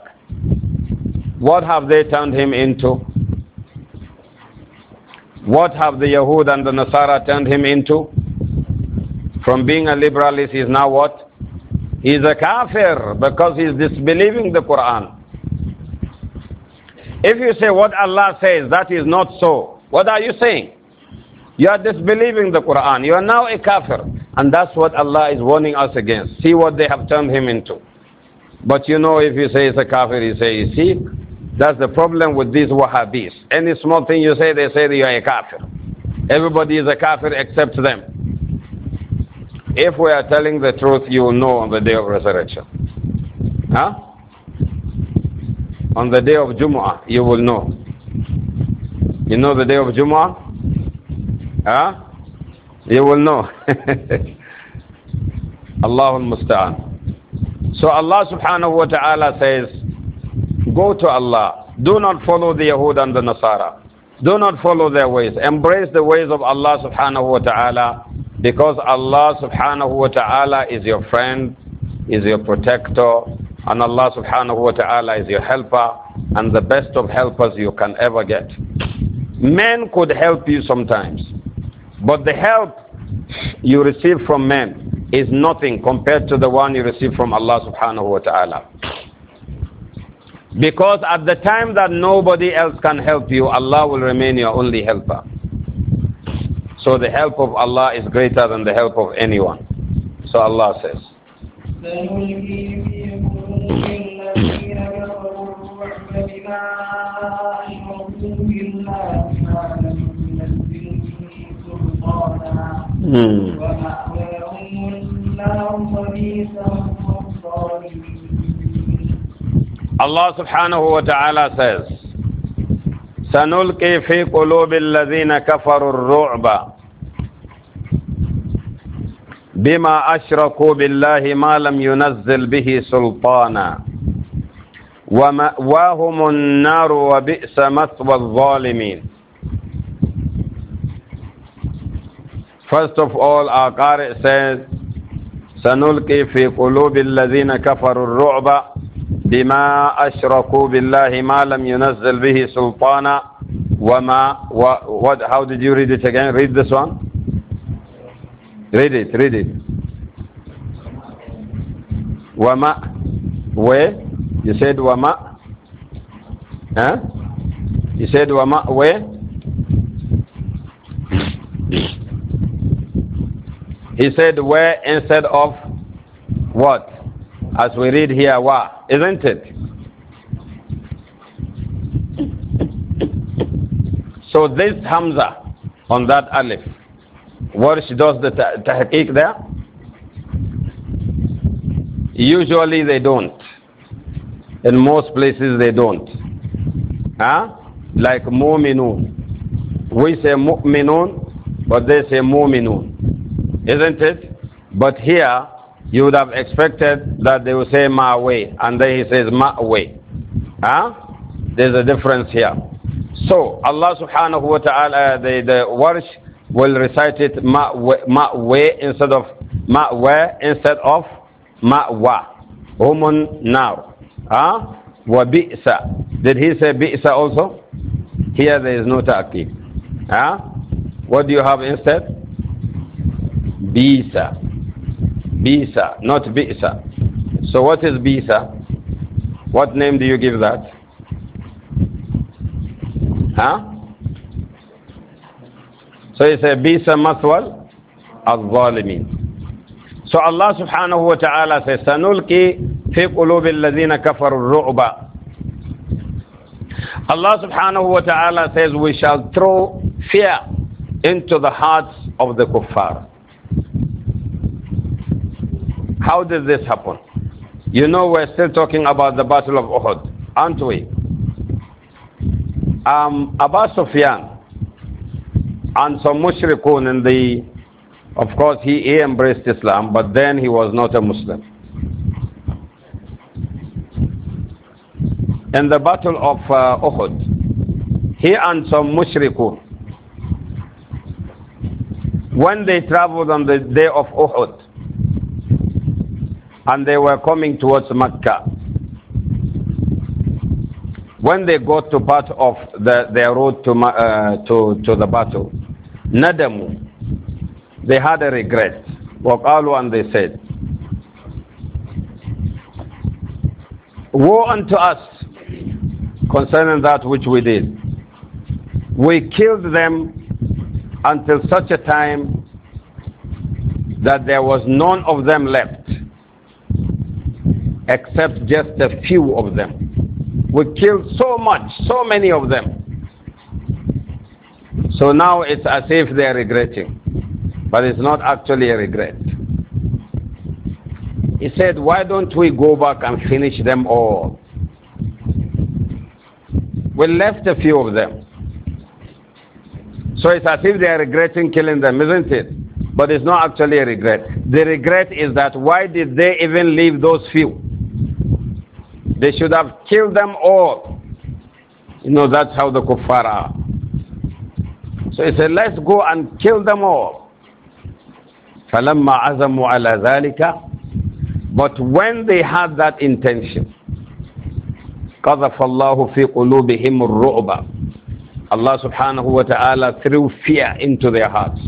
What have they turned him into? What have the Yahud and the Nasara turned him into? From being a liberalist, he's now what? He's a kafir because he's disbelieving the Quran. If you say what Allah says, that is not so, what are you saying? You are disbelieving the Quran. You are now a kafir. And that's what Allah is warning us against. See what they have turned him into. But you know, if you say it's a kafir, you say, you see, that's the problem with these Wahhabis. Any small thing you say, they say that you are a kafir. Everybody is a kafir except them. If we are telling the truth, you will know on the day of resurrection. Huh? On the day of Jumu'ah, you will know. You know the day of Jumu'ah? Huh? You will know. <laughs> Allahul Musta'an. So Allah subhanahu wa ta'ala says, Go to Allah. Do not follow the Yahud and the Nasara. Do not follow their ways. Embrace the ways of Allah subhanahu wa ta'ala because Allah subhanahu wa ta'ala is your friend, is your protector, and Allah subhanahu wa ta'ala is your helper and the best of helpers you can ever get. Men could help you sometimes. But the help you receive from men is nothing compared to the one you receive from Allah subhanahu wa ta'ala. Because at the time that nobody else can help you, Allah will remain your only helper. So the help of Allah is greater than the help of anyone. So Allah says. الله سبحانه وتعالى says, سَنُلْقِي فِي قُلُوبِ الَّذِينَ كَفَرُوا الرُّعْبَ بِمَا أَشْرَكُوا بِاللَّهِ مَا لَمْ يُنَزِّلْ بِهِ سُلْطَانًا وَمَأْوَاهُمُ النَّارُ وَبِئْسَ مَثْوَى الظَّالِمِينَ First of all, our Qari says, سنلقي في قلوب الذين كفروا الرعب بما أشركوا بالله ما لم ينزل به سلطانا وما what, how did you read it again? Read this one. Read it, read it. وما where? You said وما huh? You said وما where? He said, where instead of what? As we read here, wa, isn't it? So this Hamza on that Alif, where she does the tahqiq there, usually they don't. In most places they don't. Huh? Like mu'minun. We say mu'minun, but they say mu'minun. Isn't it? But here, you would have expected that they would say my way, and then he says my way. Huh? There's a difference here. So, Allah subhanahu wa ta'ala, the, the warsh will recite it ma way instead of ma instead of ma wa. now. Huh? Wa bi'sa. Did he say bi'sa also? Here there is no ta'qib. Huh? What do you have instead? Bisa. Bisa, not Bisa. So what is Bisa? What name do you give that? Huh? So he said, Bisa Maswal Al-Zalimin. So Allah subhanahu wa ta'ala says, Sanulki fi qulubi alladhina kafaru ru'ba. Allah subhanahu wa ta'ala says, we shall throw fear into the hearts of the kuffar. How did this happen? You know, we're still talking about the Battle of Uhud, aren't we? Um, Abbas Sufyan and some mushrikun in the, of course, he, he embraced Islam, but then he was not a Muslim. In the Battle of uh, Uhud, he and some mushrikun, when they traveled on the day of Uhud, and they were coming towards Mecca. When they got to part of the, their road to, uh, to, to the battle, Nadamu, they had a regret. وقالوا and they said, Woe unto us concerning that which we did. We killed them until such a time that there was none of them left except just a few of them. We killed so much, so many of them. So now it's as if they are regretting. But it's not actually a regret. He said, Why don't we go back and finish them all? We left a few of them. So it's as if they are regretting killing them, isn't it? But it's not actually a regret. The regret is that why did they even leave those few? They should have killed them all. You know, that's how the kuffar are. So he said, let's go and kill them all. فَلَمَّا عَزَمُوا عَلَى ذَلِكَ But when they had that intention, قَذَفَ اللَّهُ فِي قُلُوبِهِمُ الرُّعْبَ Allah subhanahu wa ta'ala threw fear into their hearts.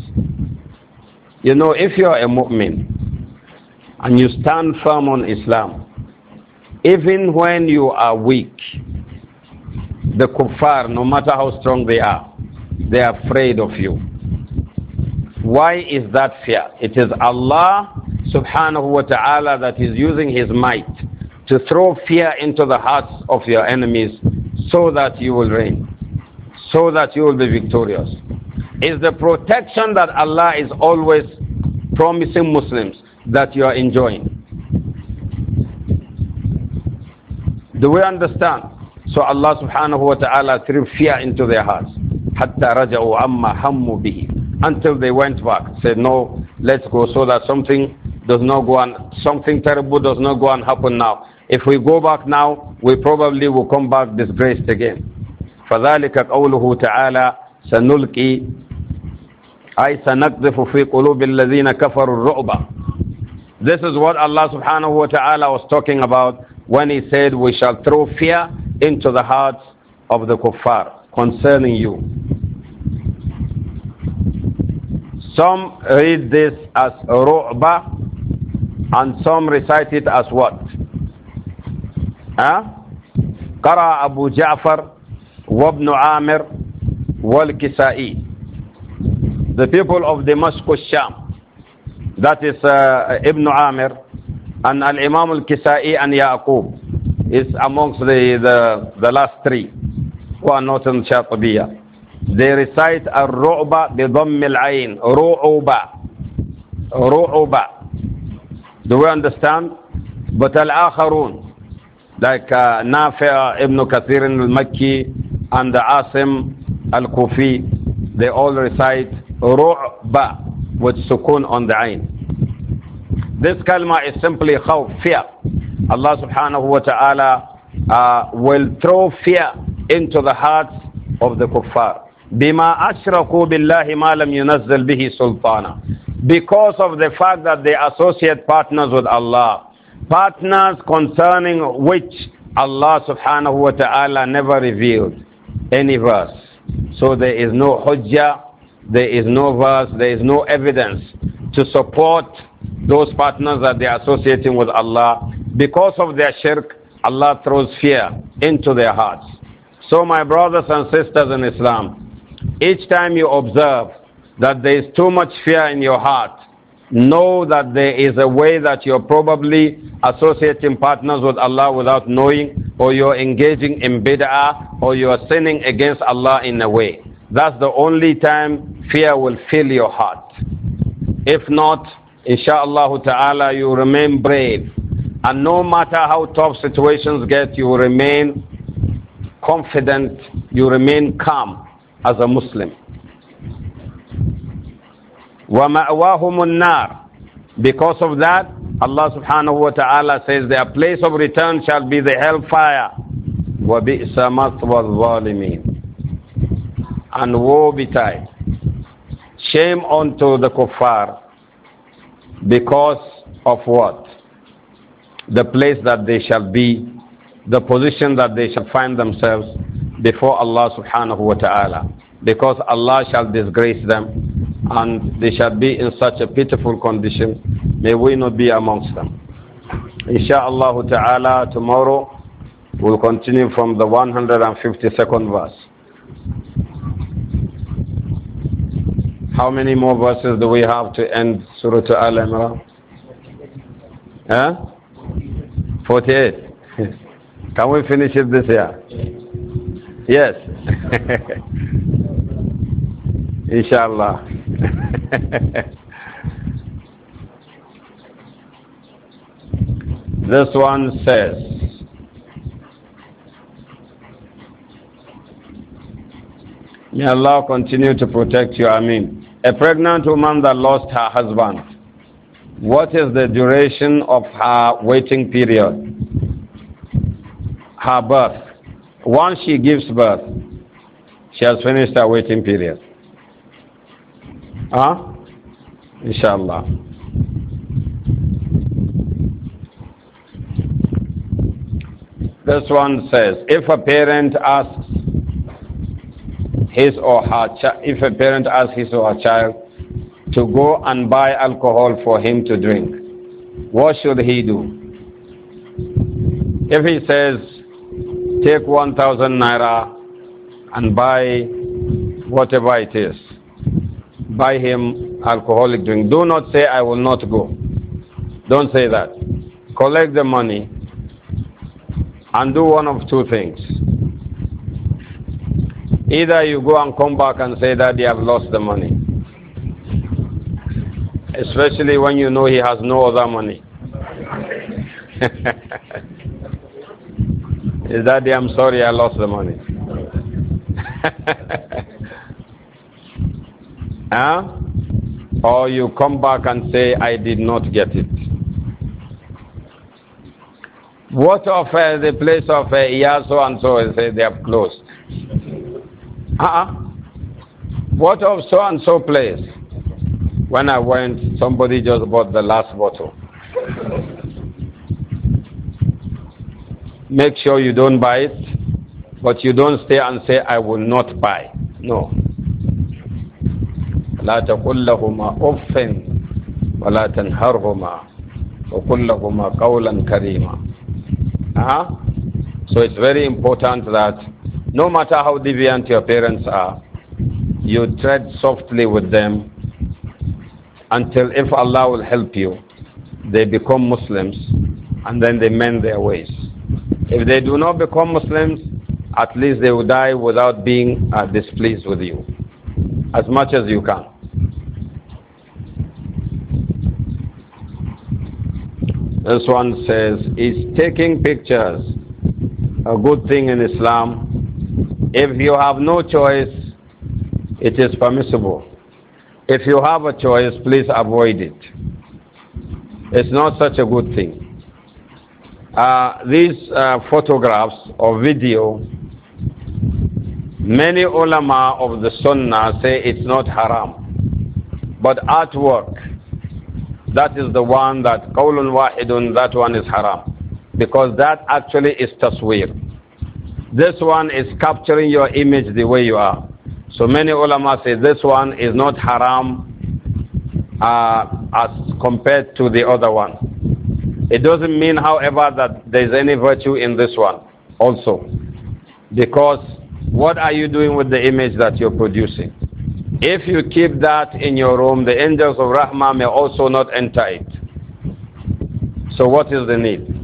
You know, if you are a mu'min and you stand firm on Islam, even when you are weak, the kuffar, no matter how strong they are, they are afraid of you. Why is that fear? It is Allah subhanahu wa ta'ala that is using His might to throw fear into the hearts of your enemies so that you will reign, so that you will be victorious. Is the protection that Allah is always promising Muslims that you are enjoying. Do we understand? So Allah subhanahu wa ta'ala threw fear into their hearts. Hatta raja'u amma hammu bihi. Until they went back, said, no, let's go so that something does not go on, something terrible does not go and happen now. If we go back now, we probably will come back disgraced again. فذلك قوله تعالى سنلكي أي سنقذف في قلوب الذين كفروا الرعب This is what Allah subhanahu wa ta'ala was talking about when he said, We shall throw fear into the hearts of the kuffar concerning you. Some read this as ru'ba and some recite it as what? Huh? Abu Ja'far جعفر وابن Wal Kisa'i, the people of Damascus Sham that is uh, Ibn Amir and Al-Imam Al-Kisa'i and Ya'qub is amongst the, the, the last three who are not in Shatibiyya. They recite Al-Ru'ba bi Dhamm Al-Ain, Ru'uba, Ru'uba. Do we understand? But Al-Akharun, like uh, Nafi' ibn Kathir al-Makki and Asim al-Kufi, they all recite Ru'ba with sukun on the Ain. This kalma is simply khawf, fear. Allah subhanahu wa ta'ala uh, will throw fear into the hearts of the kuffar. Bima أَشْرَكُوا billahi malam لَمْ bihi sultana, Because of the fact that they associate partners with Allah, partners concerning which Allah subhanahu wa ta'ala never revealed any verse. So there is no hujjah, there is no verse, there is no evidence to support those partners that they are associating with Allah, because of their shirk, Allah throws fear into their hearts. So, my brothers and sisters in Islam, each time you observe that there is too much fear in your heart, know that there is a way that you're probably associating partners with Allah without knowing, or you're engaging in bid'ah, or you're sinning against Allah in a way. That's the only time fear will fill your heart. If not, Insha'Allah ta'ala, you remain brave. And no matter how tough situations get, you remain confident, you remain calm as a Muslim. وَمَأْوَاهُمُ Because of that, Allah subhanahu wa ta'ala says their place of return shall be the hellfire. And woe betide. Shame unto the kuffar because of what? The place that they shall be, the position that they shall find themselves before Allah subhanahu wa ta'ala. Because Allah shall disgrace them and they shall be in such a pitiful condition. May we not be amongst them. Insha'Allah ta'ala, tomorrow we'll continue from the 152nd verse. How many more verses do we have to end Surah Al Imran? Huh? 48. <laughs> Can we finish it this year? Yes. <laughs> Inshallah. <laughs> this one says, May Allah continue to protect you. Ameen. A pregnant woman that lost her husband, what is the duration of her waiting period? Her birth. Once she gives birth, she has finished her waiting period. Ah, huh? Inshallah. This one says, if a parent asks his or her if a parent asks his or her child to go and buy alcohol for him to drink, what should he do? If he says, take 1,000 naira and buy whatever it is, buy him alcoholic drink. Do not say, I will not go. Don't say that. Collect the money and do one of two things Either you go and come back and say that you have lost the money. Especially when you know he has no other money. Is that the, I'm sorry I lost the money? <laughs> huh? Or you come back and say, I did not get it. What of uh, the place of uh, Iyaso and so say they have closed? Uh-uh. What of so and so place? When I went, somebody just bought the last bottle. Make sure you don't buy it, but you don't stay and say, I will not buy. No. لا تقل لهما أف ولا تنهرهما وقل لهما قولا كريما. Uh-huh. So it's very important that no matter how deviant your parents are, you tread softly with them until if Allah will help you, they become Muslims and then they mend their ways. If they do not become Muslims, at least they will die without being uh, displeased with you as much as you can. This one says, is taking pictures a good thing in Islam? If you have no choice, it is permissible. If you have a choice, please avoid it. It's not such a good thing. Uh, these uh, photographs or video, many ulama of the sunnah say it's not haram. But artwork, that is the one that qawlun wahidun, that one is haram. Because that actually is taswir. This one is capturing your image the way you are. So many ulama say this one is not haram uh, as compared to the other one. It doesn't mean, however, that there is any virtue in this one also. Because what are you doing with the image that you're producing? If you keep that in your room, the angels of rahma may also not enter it. So what is the need?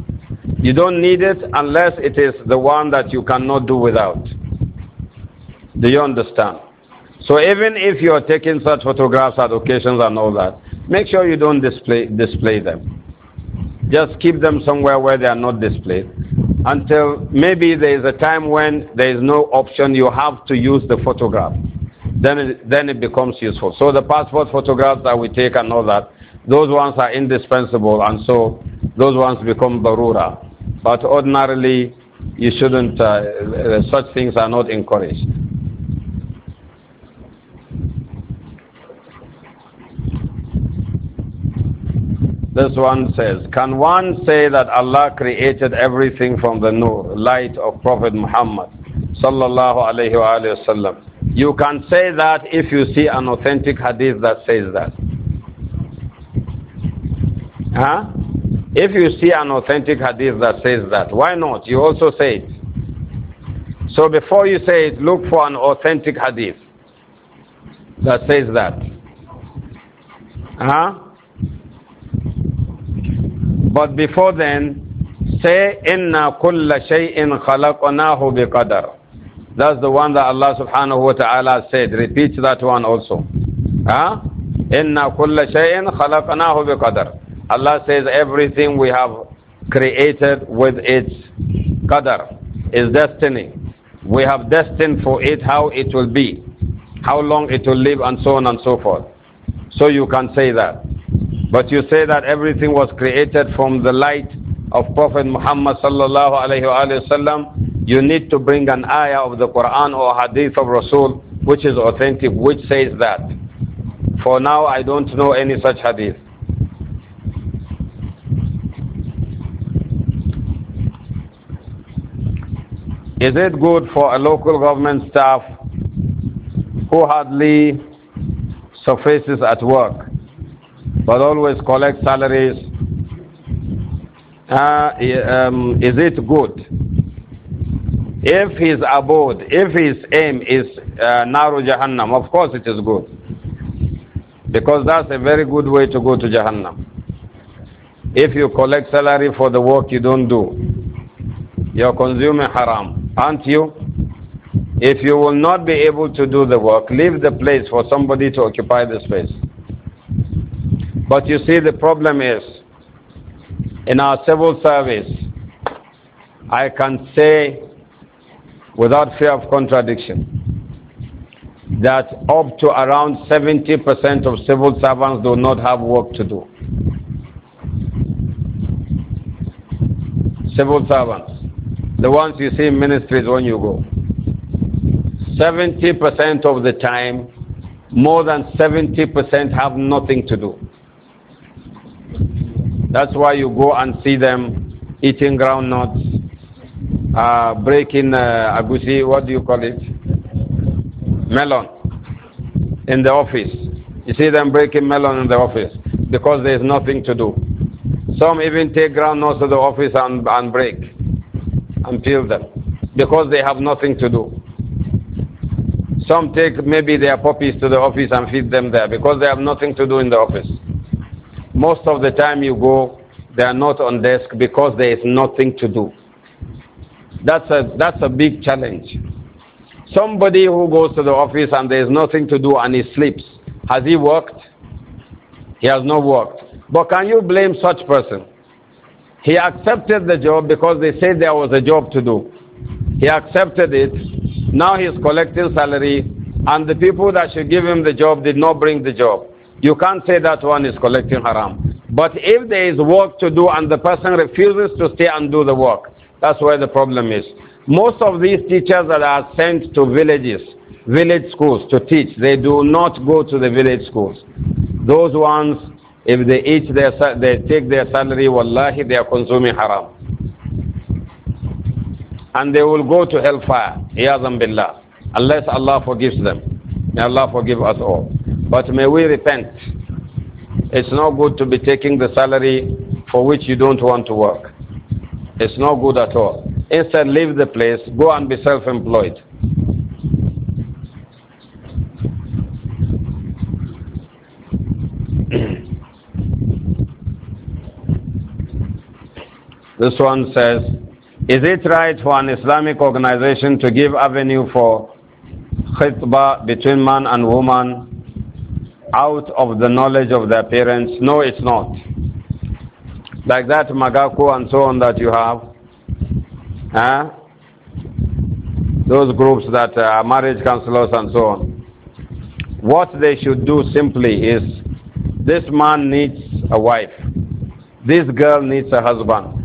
You don't need it unless it is the one that you cannot do without. Do you understand? So even if you are taking such photographs at occasions and all that, make sure you don't display, display them. Just keep them somewhere where they are not displayed until maybe there is a time when there is no option, you have to use the photograph. Then it, then it becomes useful. So the passport photographs that we take and all that, those ones are indispensable and so those ones become barura. But ordinarily, you shouldn't, uh, uh, such things are not encouraged. This one says, Can one say that Allah created everything from the nur, light of Prophet Muhammad? Sallallahu alayhi wa sallam. You can say that if you see an authentic hadith that says that. Huh? If you see an authentic hadith that says that, why not? You also say it. So before you say it, look for an authentic hadith that says that. Huh? But before then, say, Inna kulla shay'in khalaqnahu biqadar. That's the one that Allah subhanahu wa ta'ala said. Repeat that one also. Huh? Inna kulla shay'in khalaqnahu biqadar. Allah says everything we have created with its qadar, its destiny. We have destined for it how it will be, how long it will live, and so on and so forth. So you can say that. But you say that everything was created from the light of Prophet Muhammad sallallahu alayhi wa sallam, you need to bring an ayah of the Quran or hadith of Rasul which is authentic, which says that. For now, I don't know any such hadith. Is it good for a local government staff who hardly surfaces at work but always collects salaries? Uh, um, is it good? If his abode, if his aim is uh, Jahannam, of course it is good. Because that's a very good way to go to Jahannam. If you collect salary for the work you don't do, you're consuming haram. Aren't you? If you will not be able to do the work, leave the place for somebody to occupy the space. But you see, the problem is in our civil service, I can say without fear of contradiction that up to around 70% of civil servants do not have work to do. Civil servants. The ones you see in ministries when you go. 70% of the time, more than 70% have nothing to do. That's why you go and see them eating groundnuts, uh, breaking uh, agusi, what do you call it? Melon in the office. You see them breaking melon in the office because there is nothing to do. Some even take groundnuts to the office and, and break and peel them because they have nothing to do. Some take maybe their puppies to the office and feed them there because they have nothing to do in the office. Most of the time you go, they are not on desk because there is nothing to do. That's a, that's a big challenge. Somebody who goes to the office and there is nothing to do and he sleeps, has he worked? He has not worked. But can you blame such person? He accepted the job because they said there was a job to do. He accepted it. Now he's collecting salary, and the people that should give him the job did not bring the job. You can't say that one is collecting haram. But if there is work to do and the person refuses to stay and do the work, that's where the problem is. Most of these teachers that are sent to villages, village schools to teach, they do not go to the village schools. Those ones if they eat their, they take their salary, wallahi, they are consuming haram. And they will go to hellfire, yazam billah, unless Allah forgives them. May Allah forgive us all. But may we repent. It's not good to be taking the salary for which you don't want to work. It's not good at all. Instead, leave the place, go and be self employed. This one says, is it right for an Islamic organization to give avenue for khitbah between man and woman out of the knowledge of their parents? No, it's not. Like that magaku and so on that you have. Huh? Eh? Those groups that uh, are marriage counselors and so on. What they should do simply is this man needs a wife. This girl needs a husband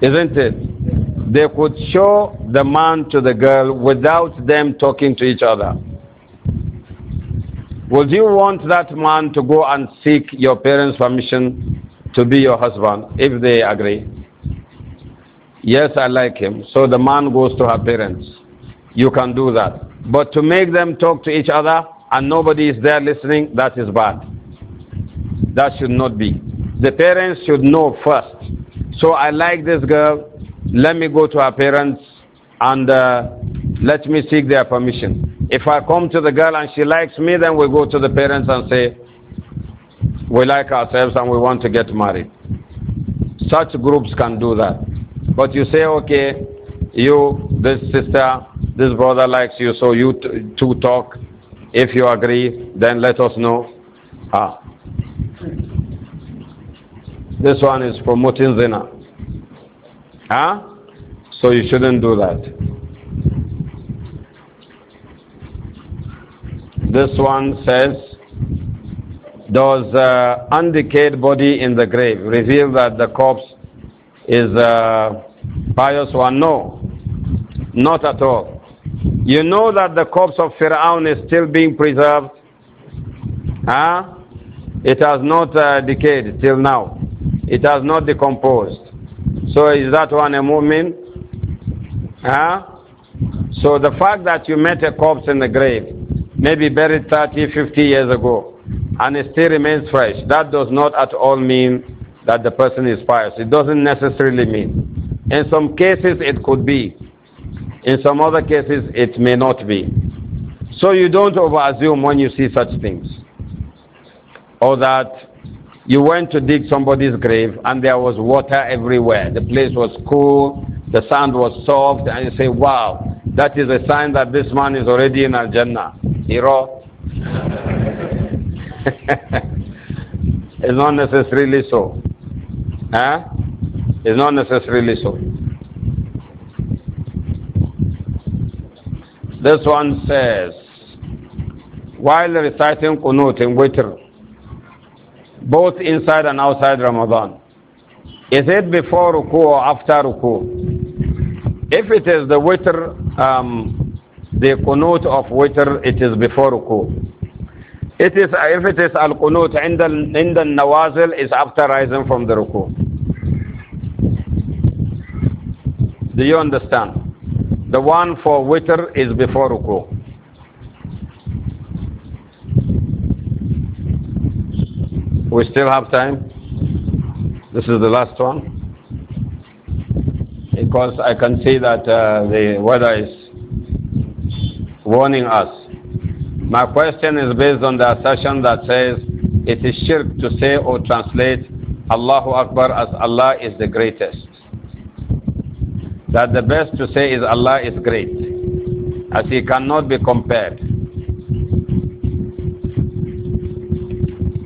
isn't it? They could show the man to the girl without them talking to each other. Would you want that man to go and seek your parents' permission to be your husband if they agree? Yes, I like him. So the man goes to her parents. You can do that. But to make them talk to each other and nobody is there listening, that is bad. That should not be. The parents should know first so I like this girl. Let me go to her parents and uh, let me seek their permission. If I come to the girl and she likes me, then we go to the parents and say, we like ourselves and we want to get married. Such groups can do that. But you say, okay, you, this sister, this brother likes you, so you two talk. If you agree, then let us know. Ah, this one is promoting zina. Huh? So you shouldn't do that. This one says, does uh, undecayed body in the grave reveal that the corpse is a uh, pious one? No, not at all. You know that the corpse of Pharaoh is still being preserved. Huh? It has not uh, decayed till now. It has not decomposed. So is that one a mu'min? Huh? So the fact that you met a corpse in the grave, maybe buried 30, 50 years ago, and it still remains fresh, that does not at all mean that the person is pious. It doesn't necessarily mean. In some cases, it could be. In some other cases, it may not be. So you don't overassume when you see such things. Or that you went to dig somebody's grave and there was water everywhere. The place was cool, the sand was soft, and you say, wow, that is a sign that this man is already in Al-Jannah. Hero. <laughs> it's not necessarily so. Huh? It's not necessarily so. This one says, while reciting Qunut in Witr, both inside and outside Ramadan? Is it before ruku or after ruku? If it is the witr, um, the qunut of witr, it is before ruku. It is, uh, if it is al qunut in the, in the nawazil, is after rising from the ruku. Do you understand? The one for witr is before ruku. We still have time. This is the last one. Because I can see that uh, the weather is warning us. My question is based on the assertion that says it is shirk to say or translate Allahu Akbar as Allah is the greatest. That the best to say is Allah is great, as he cannot be compared.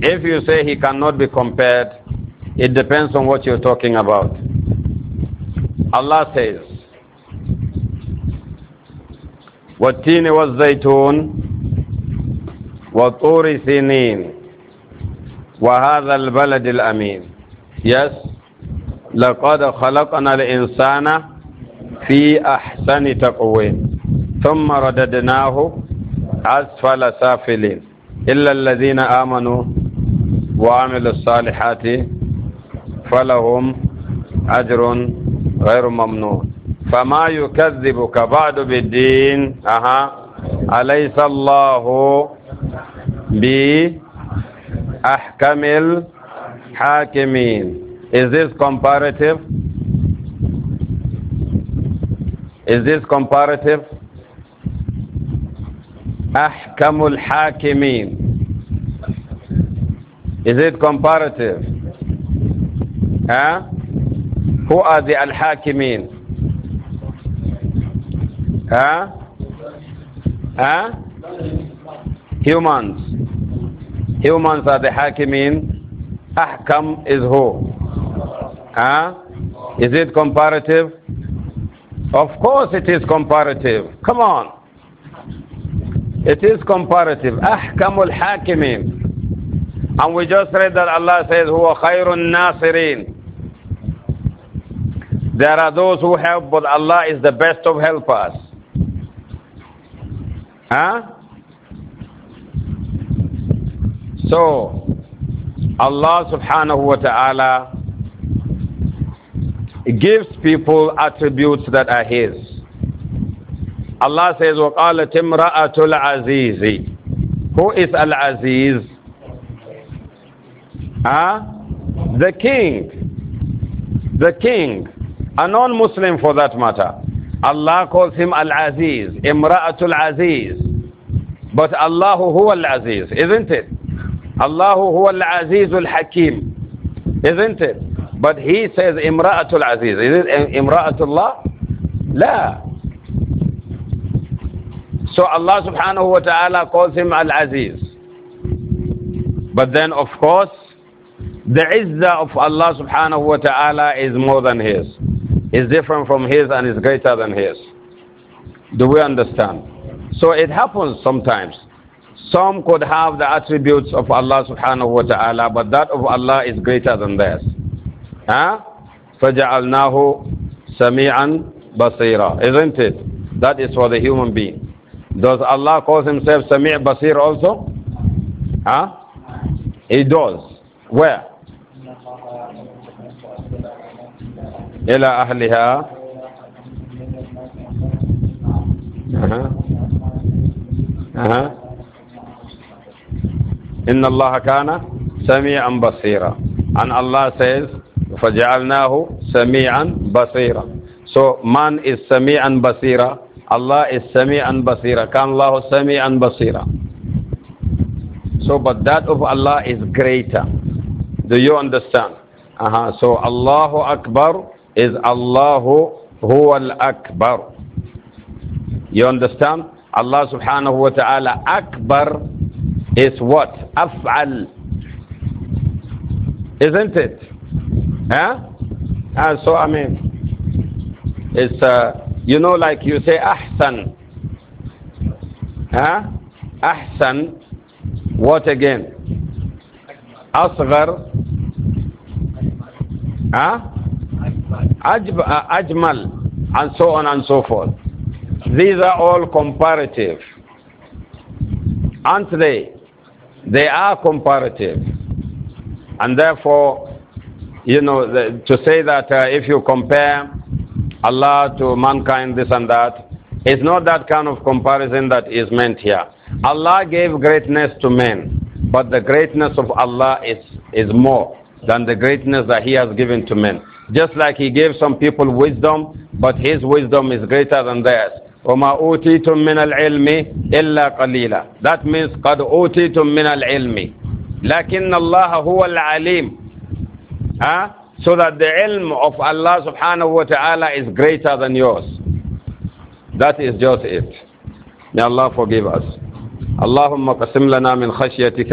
If you say he cannot be compared, it depends on what you're talking about. Allah says, والتين والزيتون وطور سنين وهذا البلد الأمين Yes, لقد خلقنا الإنسان في أحسن تَقْوِينِ ثم رددناه أسفل سافلين إلا الذين آمنوا وعملوا الصالحات فلهم أجر غير ممنون فما يكذبك بعد بالدين أها أليس الله بأحكم الحاكمين Is this comparative? Is this comparative? أحكم الحاكمين Is it comparative? Huh? Who are the Al-Hakimin? Huh? Huh? Humans. Humans are the Hakimin. Ahkam is who? Huh? Is it comparative? Of course it is comparative. Come on. It is comparative. Ahkamul Hakimin. And we just read that Allah says, "Who are khairun nasirin. There are those who help, but Allah is the best of helpers. Huh? So, Allah subhanahu wa ta'ala gives people attributes that are His. Allah says, وَقَالَتِ امْرَأَةُ الْعَزِيزِ Who is Al-Aziz? Ah, huh? The king. The king. A non Muslim for that matter. Allah calls him Al Aziz, Imra'atul Aziz. But Allahu huwa Al Aziz, isn't it? Allahu huwa Al Azizul Hakim, isn't it? But he says Imra'atul Aziz. Is it Imra'atullah? La. So Allah subhanahu wa ta'ala calls him Al Aziz. But then, of course, the izzah of Allah subhanahu wa ta'ala is more than His. Is different from His and is greater than His. Do we understand? So it happens sometimes. Some could have the attributes of Allah subhanahu wa ta'ala, but that of Allah is greater than theirs. Huh? فَجَعَلْنَاهُ سَمِيعًا بَصِيرًا Isn't it? That is for the human being. Does Allah call himself Sami' Basir also? Huh? He does. Where? إلى أهلها أه. أه. إن الله كان سميعا بصيرا عن الله says فجعلناه سميعا بصيرا so man is سميعا بصيرا Allah is سميعا بصيرا كان الله سميعا بصيرا so but that of Allah is greater do you understand uh -huh. so الله أكبر is Allahu huwal akbar. You understand? Allah subhanahu wa ta'ala akbar is what? Af'al. Isn't it? Huh? Ah, so I mean, it's, uh, you know, like you say ahsan. Huh? Ahsan. What again? Asghar. Huh? Uh, ajmal, and so on and so forth. These are all comparative. Aren't they? They are comparative. And therefore, you know, the, to say that uh, if you compare Allah to mankind, this and that, it's not that kind of comparison that is meant here. Allah gave greatness to men, but the greatness of Allah is, is more than the greatness that He has given to men. Just like he gave some people wisdom, but his wisdom is greater than theirs. وَمَا أُوتِيتُم مِّنَ الْعِلْمِ إِلَّا قَلِيلًا That means قَدْ أُوتِيتُم مِّنَ الْعِلْمِ لَكِنَّ اللَّهَ هُوَ الْعَلِيمُ huh? So that the ilm of Allah subhanahu wa ta'ala is greater than yours. That is just it. May Allah forgive us. اللهم قسم لنا من خشيتك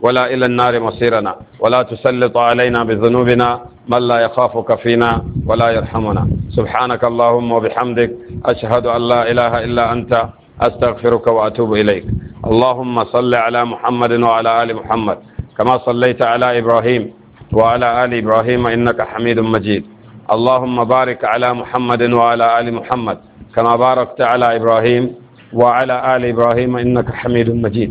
ولا إلى النار مصيرنا ولا تسلط علينا بذنوبنا من لا يخافك فينا ولا يرحمنا سبحانك اللهم وبحمدك أشهد أن لا إله إلا أنت أستغفرك وأتوب إليك اللهم صل على محمد وعلى آل محمد كما صليت على إبراهيم وعلى آل إبراهيم إنك حميد مجيد اللهم بارك على محمد وعلى آل محمد كما باركت على إبراهيم وعلى آل إبراهيم إنك حميد مجيد